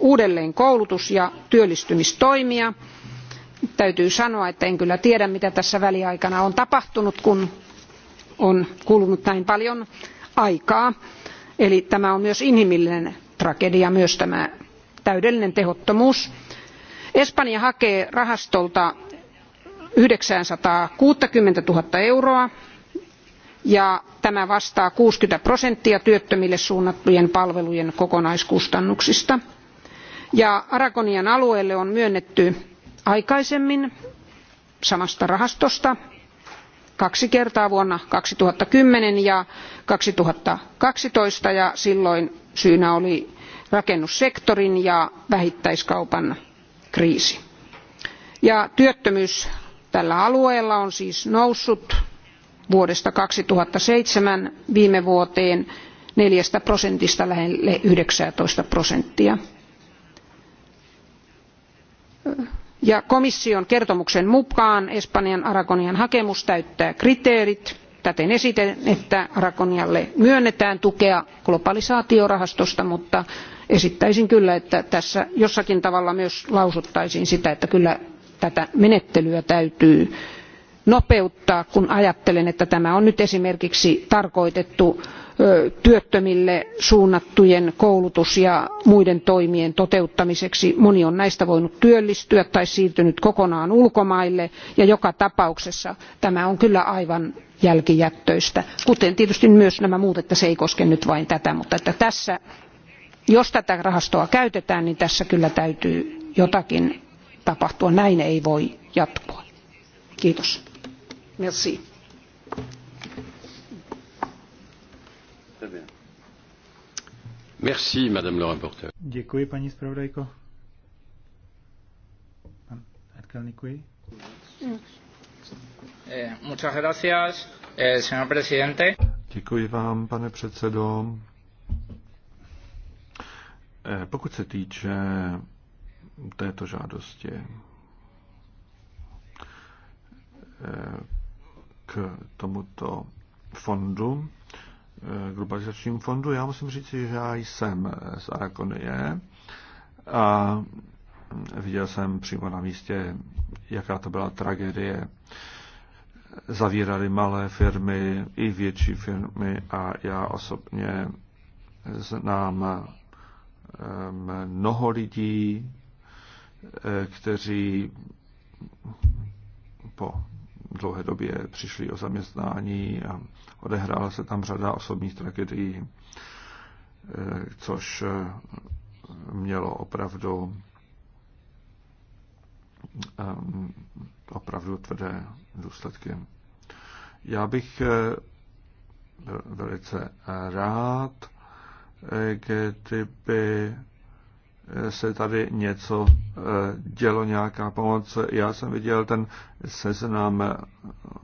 uudelleenkoulutus ja työllistymistoimia. täytyy sanoa että en kyllä tiedä mitä tässä väliaikana on tapahtunut kun on kulunut näin paljon aikaa eli tämä on myös inhimillinen tragedia myös tämä täydellinen tehottomuus. espanja hakee rahastolta yhdeksänsataakuusikymmentä nolla euroa ja tämä vastaa kuusikymmentä prosenttia työttömille suunnattujen palvelujen kokonaiskustannuksista. Ja aragonian alueelle on myönnetty aikaisemmin samasta rahastosta kaksi kertaa vuonna kaksituhatta kymmenen ja kaksituhatta kaksitoista ja silloin syynä oli rakennussektorin ja vähittäiskaupan kriisi. Ja työttömyys tällä alueella on siis noussut vuodesta kaksituhatta seitsemän viime vuoteen neljästä prosentista lähelle yhdeksäntoista prosenttia ja komission kertomuksen mukaan espanjan aragonian hakemus täyttää kriteerit täten esitän että aragonialle myönnetään tukea globalisaatiorahastosta mutta esittäisin kyllä että tässä jollakin tavalla myös lausuttaisiin sitä että kyllä tätä menettelyä täytyy nopeuttaa kun ajattelen että tämä on nyt esimerkiksi tarkoitettu työttömille suunnattujen koulutus ja muiden toimien toteuttamiseksi. moni on näistä voinut työllistyä tai siirtynyt kokonaan ulkomaille ja joka tapauksessa tämä on kyllä aivan jälkijättöistä kuten tietysti myös nämä muut että se ei koske nyt vain tätä mutta että tässä jos tätä rahastoa käytetään niin tässä kyllä täytyy jotakin tapahtua näin ei voi jatkua. kiitos. Merci. Merci, madame Děkuji, paní zpravodajko. Pan Edkel, děkuji. Eh, muchas gracias, eh, señor presidente. Děkuji vám, pane předsedo. Eh, pokud se týče této žádosti k tomuto fondu, Eh, globalizačnímu fondu. Já musím říct, že já jsem z Arakonie a viděl jsem přímo na místě, jaká to byla tragédie. Zavírali malé firmy i větší firmy a já osobně znám eh, mnoho lidí, eh, kteří po dlouhé době přišli o zaměstnání a odehrála se tam řada osobních tragedií, eh, což eh, mělo opravdu eh, opravdu tvrdé důsledky. Já bych byl velice rád, kdyby se tady něco eh, dělo, nějaká pomoc. Já jsem viděl ten seznam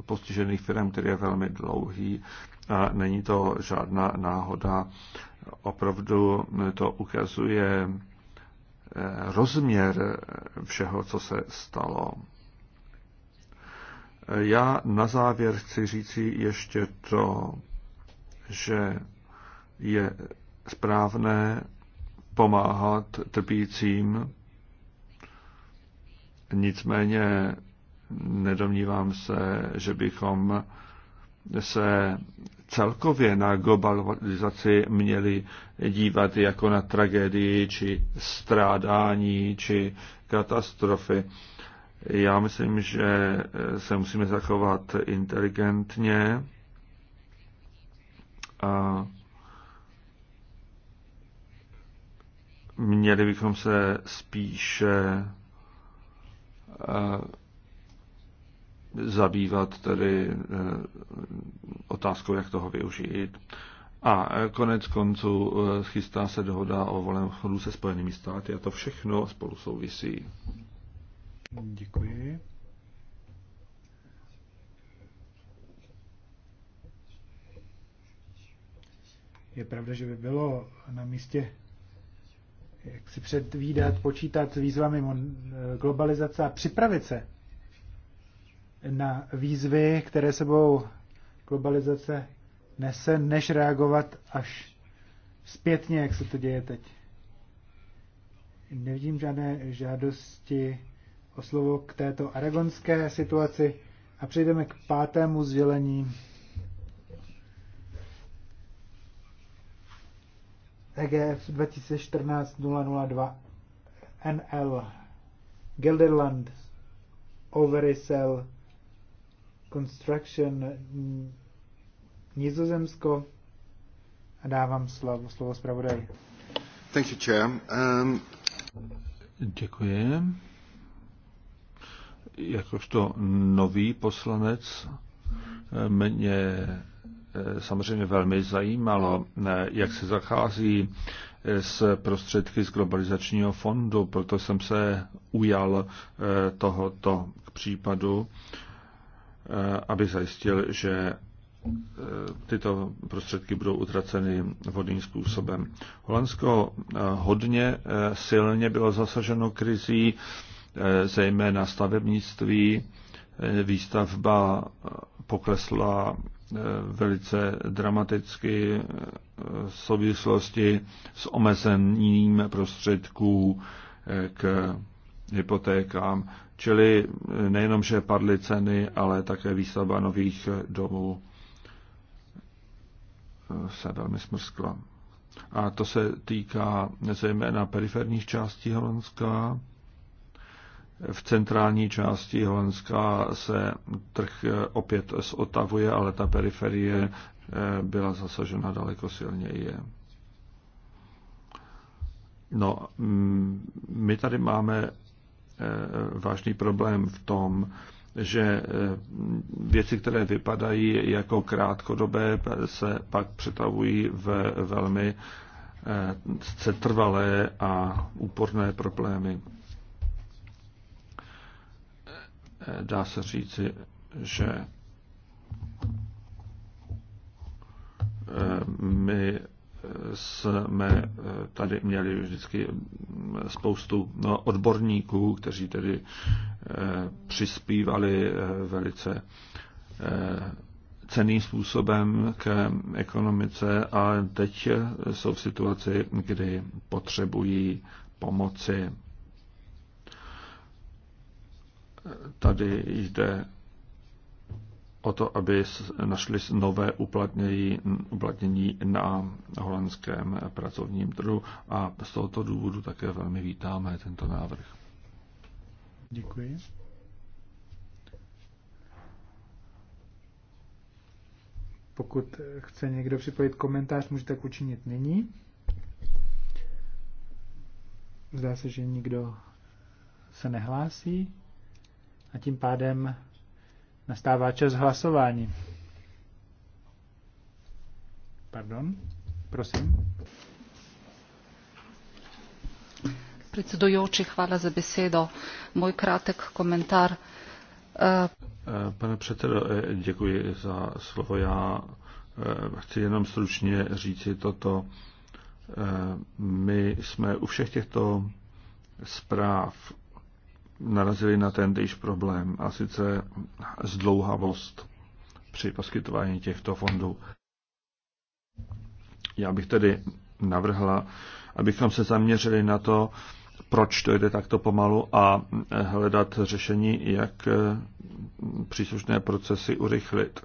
postižených firm, který je velmi dlouhý a není to žádná náhoda. Opravdu to ukazuje eh, rozměr všeho, co se stalo. Já na závěr chci říci ještě to, že je správné pomáhat trpícím. Nicméně nedomnívám se, že bychom se celkově na globalizaci měli dívat jako na tragédii, či strádání, či katastrofy. Já myslím, že se musíme zachovat inteligentně a měli bychom se spíše eh, zabývat tedy eh, otázkou, jak toho využít. A eh, konec konců schystá se dohoda o volném chodu se Spojenými státy a to všechno spolu souvisí. Děkuji. Je pravda, že by bylo na místě jak si předvídat, hmm. počítat s výzvami globalizace a připravit se na výzvy, které sebou globalizace nese, než reagovat až zpětně, jak se to děje teď. Nevidím žádné žádosti o slovo k této aragonské situaci a přejdeme k pátému sdělení. EGF 2014-002 NL Gelderland Overisel Construction Nizozemsko a dávám slovo, slovo zpravodaji. Thank you, Chair. Um... Děkuji. Jakožto nový poslanec eh, mě Eh, samozřejmě velmi zajímalo, eh, jak se zachází eh, s prostředky z globalizačního fondu, proto jsem se ujal tohoto k případu, aby zajistil, že tyto prostředky budou utraceny vhodným způsobem. Holandsko hodně silně bylo zasaženo krizí, zejména stavebnictví, výstavba poklesla Eh, velice dramaticky eh, v souvislosti s omezením prostředků eh, k hypotékám. Čili nejenom, že padly ceny, ale také výstavba nových domů se velmi smrskla. A to se týká zejména periferních částí Holandska, v centrální části Holandska se trh opět zotavuje, ale ta periferie eh, byla zasažena daleko silněji. No, mm, my tady máme eh, vážný problém v tom, že eh, věci, které vypadají jako krátkodobé, se pak přetavují v velmi setrvalé a úporné problémy dá se říci, že eh, my jsme eh, tady měli vždycky eh, spoustu no, odborníků, kteří tedy přispívali velice ceným způsobem k ekonomice a teď jsou v situaci, kdy potřebují pomoci. Tady jde o to, aby našli nové uplatnění, uplatnění na holandském pracovním trhu a z tohoto důvodu také velmi vítáme tento návrh. Děkuji. Pokud chce někdo připojit komentář, můžete tak učinit nyní. Zdá se, že nikdo se nehlásí. A tím pádem nastává čas hlasování. Pardon, prosím. Předsedující, chvála za besedo. Můj krátek komentár. Eh, pane předsedo, eh, děkuji za slovo. Já eh, chci jenom stručně říci toto. My jsme u všech těchto zpráv narazili na ten týž problém, a sice zdlouhavost při poskytování těchto fondů. Já bych tedy navrhla, abychom se zaměřili na to, proč to jde takto pomalu a hledat řešení, jak příslušné procesy urychlit.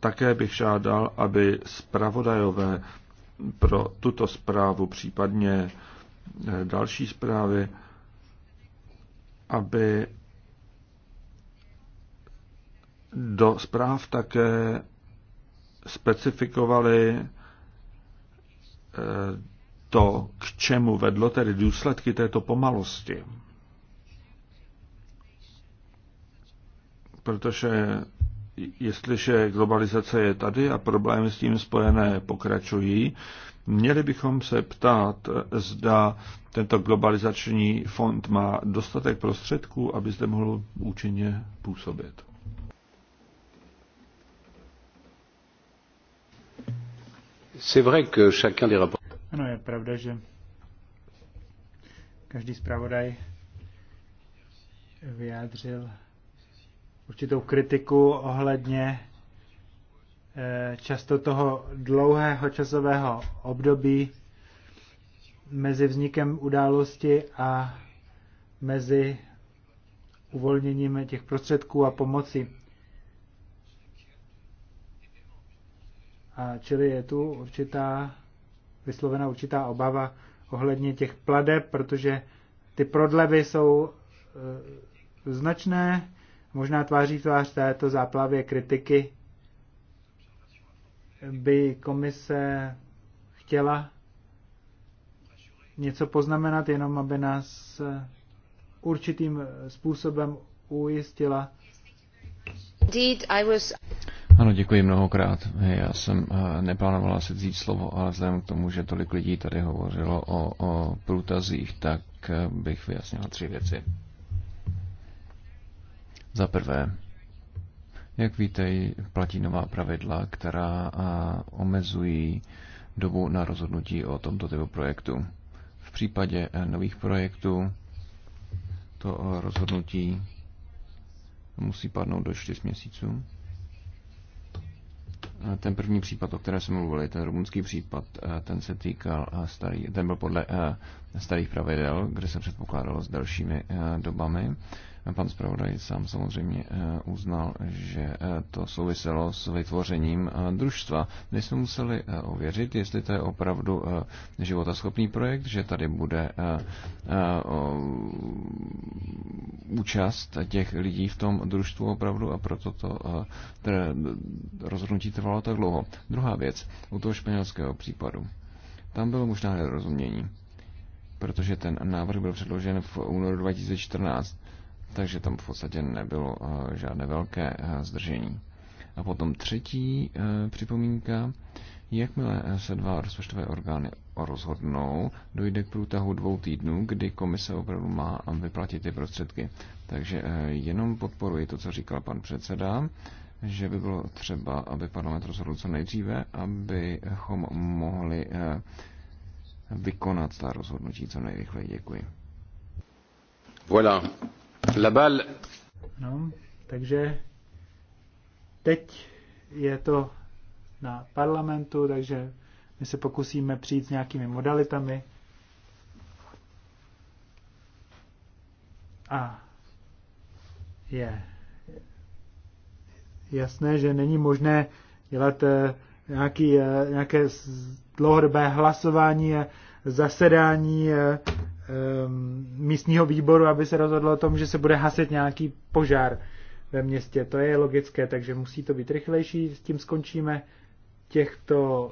Také bych žádal, aby zpravodajové pro tuto zprávu, případně další zprávy, aby do zpráv také specifikovali eh, to, k čemu vedlo tedy důsledky této pomalosti. Protože jestliže globalizace je tady a problémy s tím spojené pokračují, Měli bychom se ptát, zda tento globalizační fond má dostatek prostředků, aby zde mohl účinně působit. Ano, je pravda, že každý zpravodaj vyjádřil určitou kritiku ohledně Eh, často toho dlouhého časového období mezi vznikem události a mezi uvolněním těch prostředků a pomoci. A čili je tu určitá, vyslovena určitá obava ohledně těch pladeb, protože ty prodlevy jsou e, značné, možná tváří tvář této záplavě kritiky by komise chtěla něco poznamenat, jenom aby nás určitým způsobem ujistila. Ano, děkuji mnohokrát. Já jsem eh, neplánovala si vzít slovo, ale vzhledem k tomu, že tolik lidí tady hovořilo o, o průtazích, tak eh, bych vyjasnila tři věci. Za prvé, jak víte, platí nová pravidla, která omezují dobu na rozhodnutí o tomto typu projektu. V případě e, nových projektů to e, rozhodnutí musí padnout do 4 měsíců. Ten první případ, o kterém jsme mluvili, ten rumunský případ, e, ten se týkal starý, ten byl podle starých pravidel, kde se předpokládalo s dalšími dobami. Pan zpravodaj sám samozřejmě eh, uznal, že eh, to souviselo s vytvořením eh, družstva. My jsme museli ověřit, jestli to je opravdu životaschopný projekt, že tady bude účast těch lidí v tom družstvu opravdu a proto to rozhodnutí trvalo tak dlouho. Druhá věc, u toho španělského případu. Tam bylo možná nerozumění, protože ten návrh byl předložen v únoru 2014 takže tam v podstatě nebylo eh, žádné velké eh, zdržení. A potom třetí eh, připomínka, jakmile se dva rozpočtové orgány rozhodnou, dojde k průtahu dvou týdnů, kdy komise opravdu má vyplatit ty prostředky. Takže jenom podporuji to, co říkal pan předseda, že by bylo třeba, aby parlament rozhodl co nejdříve, abychom mohli vykonat ta rozhodnutí co nejrychleji. Děkuji. Voilà. La balle. No, takže teď je to na parlamentu, takže my se pokusíme přijít s nějakými modalitami. A je jasné, že není možné dělat eh, nějaký, eh, nějaké dlouhodobé hlasování, eh, zasedání Ehm, místního výboru, aby se rozhodlo o tom, že se bude hasit nějaký požár ve městě. To je logické, takže musí to být rychlejší. S tím skončíme těchto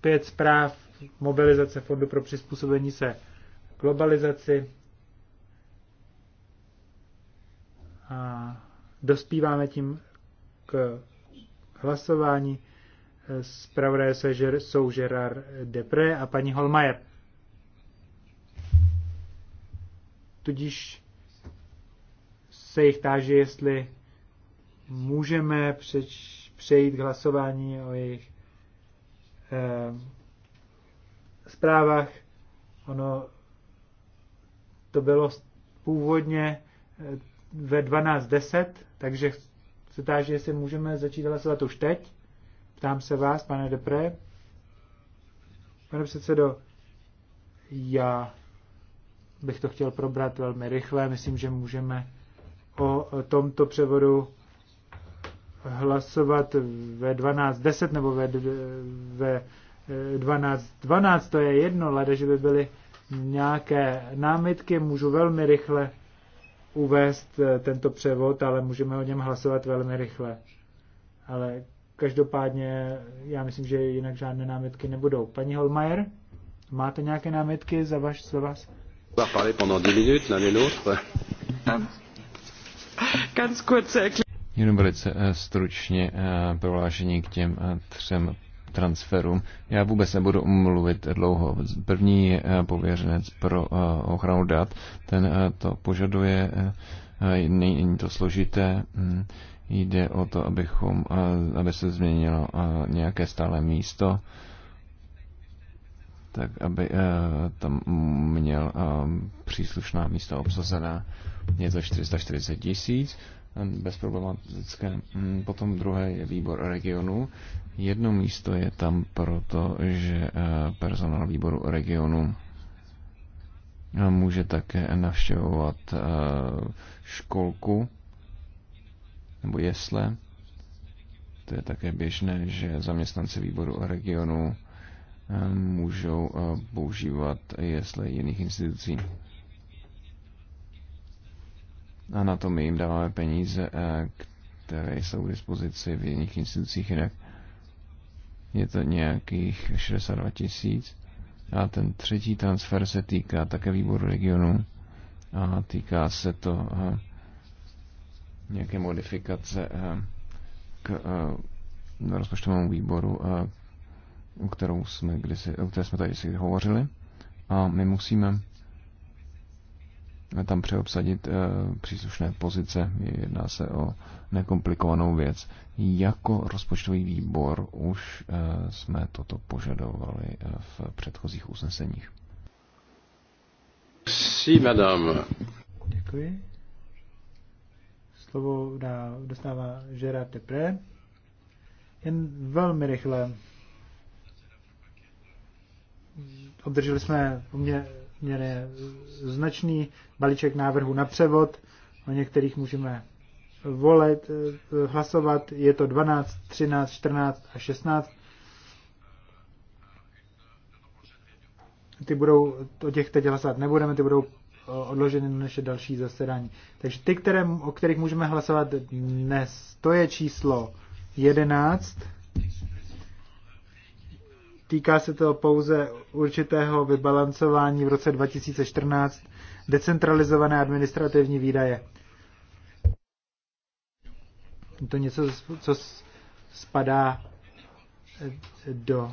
pět zpráv mobilizace Fondu pro přizpůsobení se globalizaci. A dospíváme tím k hlasování. Zpravodaje se že jsou Gerard Depre a paní Holmajer. Tudíž se jich táži, jestli můžeme přeč, přejít k hlasování o jejich eh, zprávách. Ono to bylo původně eh, ve 12.10, takže se táží, jestli můžeme začít hlasovat už teď. Ptám se vás, pane Depré. Pane předsedo, já bych to chtěl probrat velmi rychle. Myslím, že můžeme o tomto převodu hlasovat ve 12.10 nebo ve, ve 12.12, 12, to je jedno, leda, že by byly nějaké námitky, můžu velmi rychle uvést eh, tento převod, ale můžeme o něm hlasovat velmi rychle. Ale každopádně já myslím, že jinak žádné námitky nebudou. Paní Holmajer, máte nějaké námitky za, vaš, za vás? Jenom velice eh, stručně eh, prohlášení k těm eh, třem transferům. Já vůbec nebudu mluvit dlouho. První je pověřenec pro ochranu dat. Ten to požaduje, není to složité. Mm, jde o to, abychom, aby se změnilo nějaké stále místo tak aby eh, tam měl eh, příslušná místa obsazená. Je to 440 tisíc, eh, bezproblematické. Mm, potom druhé je výbor regionu. Jedno místo je tam proto, že personál výboru regionu může také navštěvovat školku nebo jesle. To je také běžné, že zaměstnanci výboru regionu můžou eh, používat jesle jiných institucí. A na to my jim dáváme peníze, eh, které jsou k dispozici v jiných institucích jinak. Je to nějakých 62 tisíc. A ten třetí transfer se týká také výboru regionu a týká se to eh, nějaké modifikace k rozpočtovému výboru o, kterou jsme kdysi, o které jsme tady si hovořili. A my musíme tam přeobsadit e, příslušné pozice. Jedná se o nekomplikovanou věc. Jako rozpočtový výbor už e, jsme toto požadovali eh, v předchozích usneseních. Sí, madame. Děkuji. Slovo dá, dostává Gerard Tepré. Jen velmi rychle obdrželi jsme poměrně značný balíček návrhu na převod. O některých můžeme volet, eh, hlasovat. Je to 12, 13, 14 a 16. Ty budou, o těch teď hlasovat nebudeme, ty budou eh, odloženy na naše další zasedání. Takže ty, které, o kterých můžeme hlasovat dnes, to je číslo 11, Týká se to pouze určitého vybalancování v roce 2014 decentralizované administrativní výdaje. Je to něco, co spadá eh, do eh,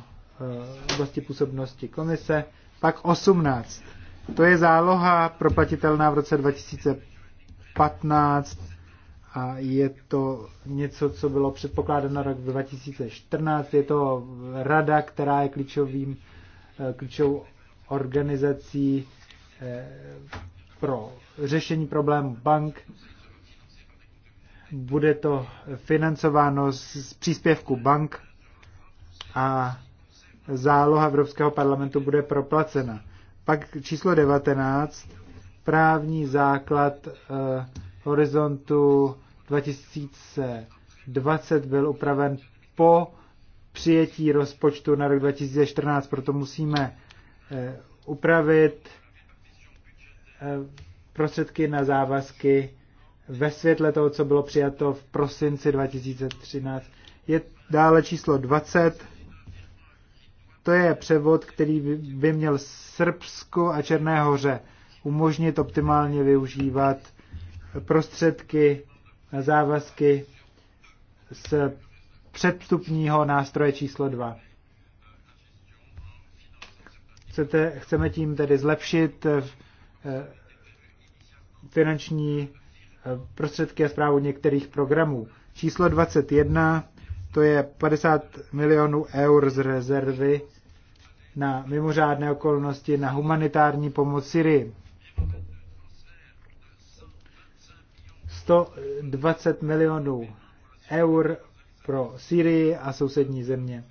oblasti působnosti komise. Pak 18. To je záloha proplatitelná v roce 2015 a je to něco, co bylo předpokládáno na rok 2014. Je to rada, která je klíčovým, eh, klíčovou organizací eh, pro řešení problémů bank. Bude to financováno z příspěvku bank a záloha Evropského parlamentu bude proplacena. Pak číslo 19, právní základ eh, horizontu 2020 byl upraven po přijetí rozpočtu na rok 2014, proto musíme eh, upravit eh, prostředky na závazky ve světle toho, co bylo přijato v prosinci 2013. Je dále číslo 20. To je převod, který by měl Srbsku a Černé hoře umožnit optimálně využívat prostředky závazky z předstupního nástroje číslo 2. Chcete, chceme tím tedy zlepšit eh, finanční eh, prostředky a zprávu některých programů. Číslo 21, to je 50 milionů eur z rezervy na mimořádné okolnosti na humanitární pomoc Syrii. 120 milionů eur pro Syrii a sousední země.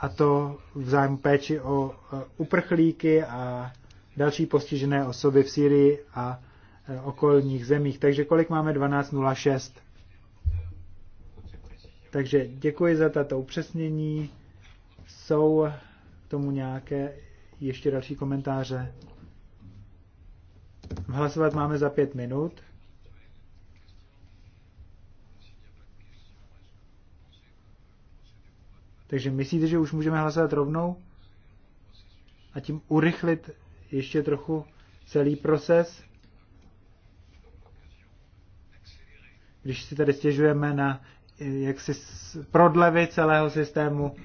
A to v zájmu péči o e, uprchlíky a další postižené osoby v Syrii a e, okolních zemích. Takže kolik máme? 12.06. Takže děkuji za tato upřesnění. Jsou k tomu nějaké ještě další komentáře? Hlasovat máme za pět minut. Takže myslíte, že už můžeme hlasovat rovnou? A tím urychlit ještě trochu celý proces? Když si tady stěžujeme na jaksi prodlevy celého systému,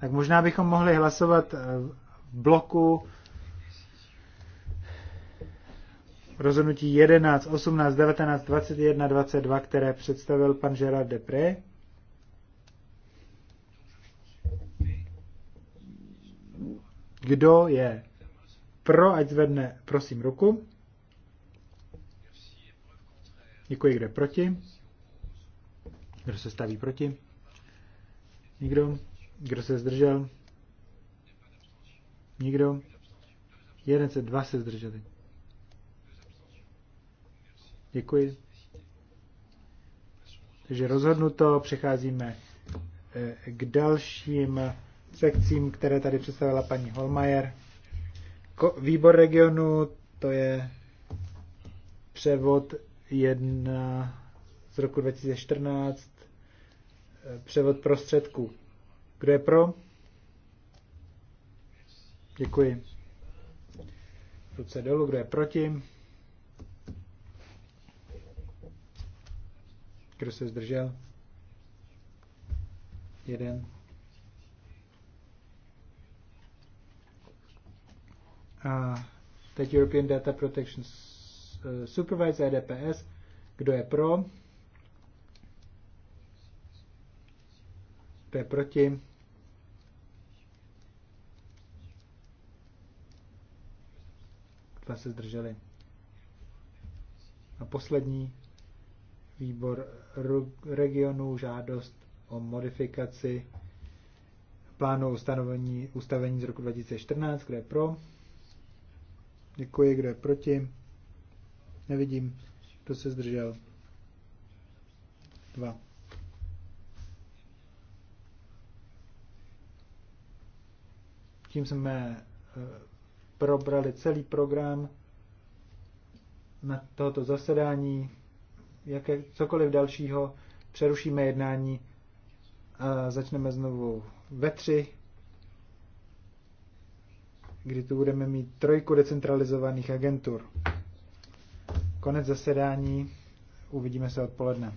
tak možná bychom mohli hlasovat eh, v bloku rozhodnutí 11, 18, 19, 21, 22, které představil pan Gerard Depré. Kdo je pro, ať zvedne, prosím, ruku. Děkuji, kde proti. Kdo se staví proti? Nikdo. Kdo se zdržel? Nikdo. Jeden se, dva se zdrželi. Děkuji. Takže rozhodnuto, přecházíme eh, k dalším sekcím, které tady představila paní Holmajer. Výbor regionu, to je převod 1 z roku 2014, eh, převod prostředků. Kdo je pro? Děkuji. Ruce dolů, kdo je proti? Kdo se zdržel? Jeden. A teď European Data Protection eh, Supervisor EDPS. Kdo je pro? Kdo je proti? Dva se zdrželi. A poslední výbor regionů žádost o modifikaci plánu ustanovení, ustavení z roku 2014, kde je pro. Děkuji, kdo je proti. Nevidím, kdo se zdržel. Dva. Tím jsme eh, probrali celý program na tohoto zasedání jaké, cokoliv dalšího, přerušíme jednání a začneme znovu ve tři, kdy tu budeme mít trojku decentralizovaných agentur. Konec zasedání, uvidíme se odpoledne.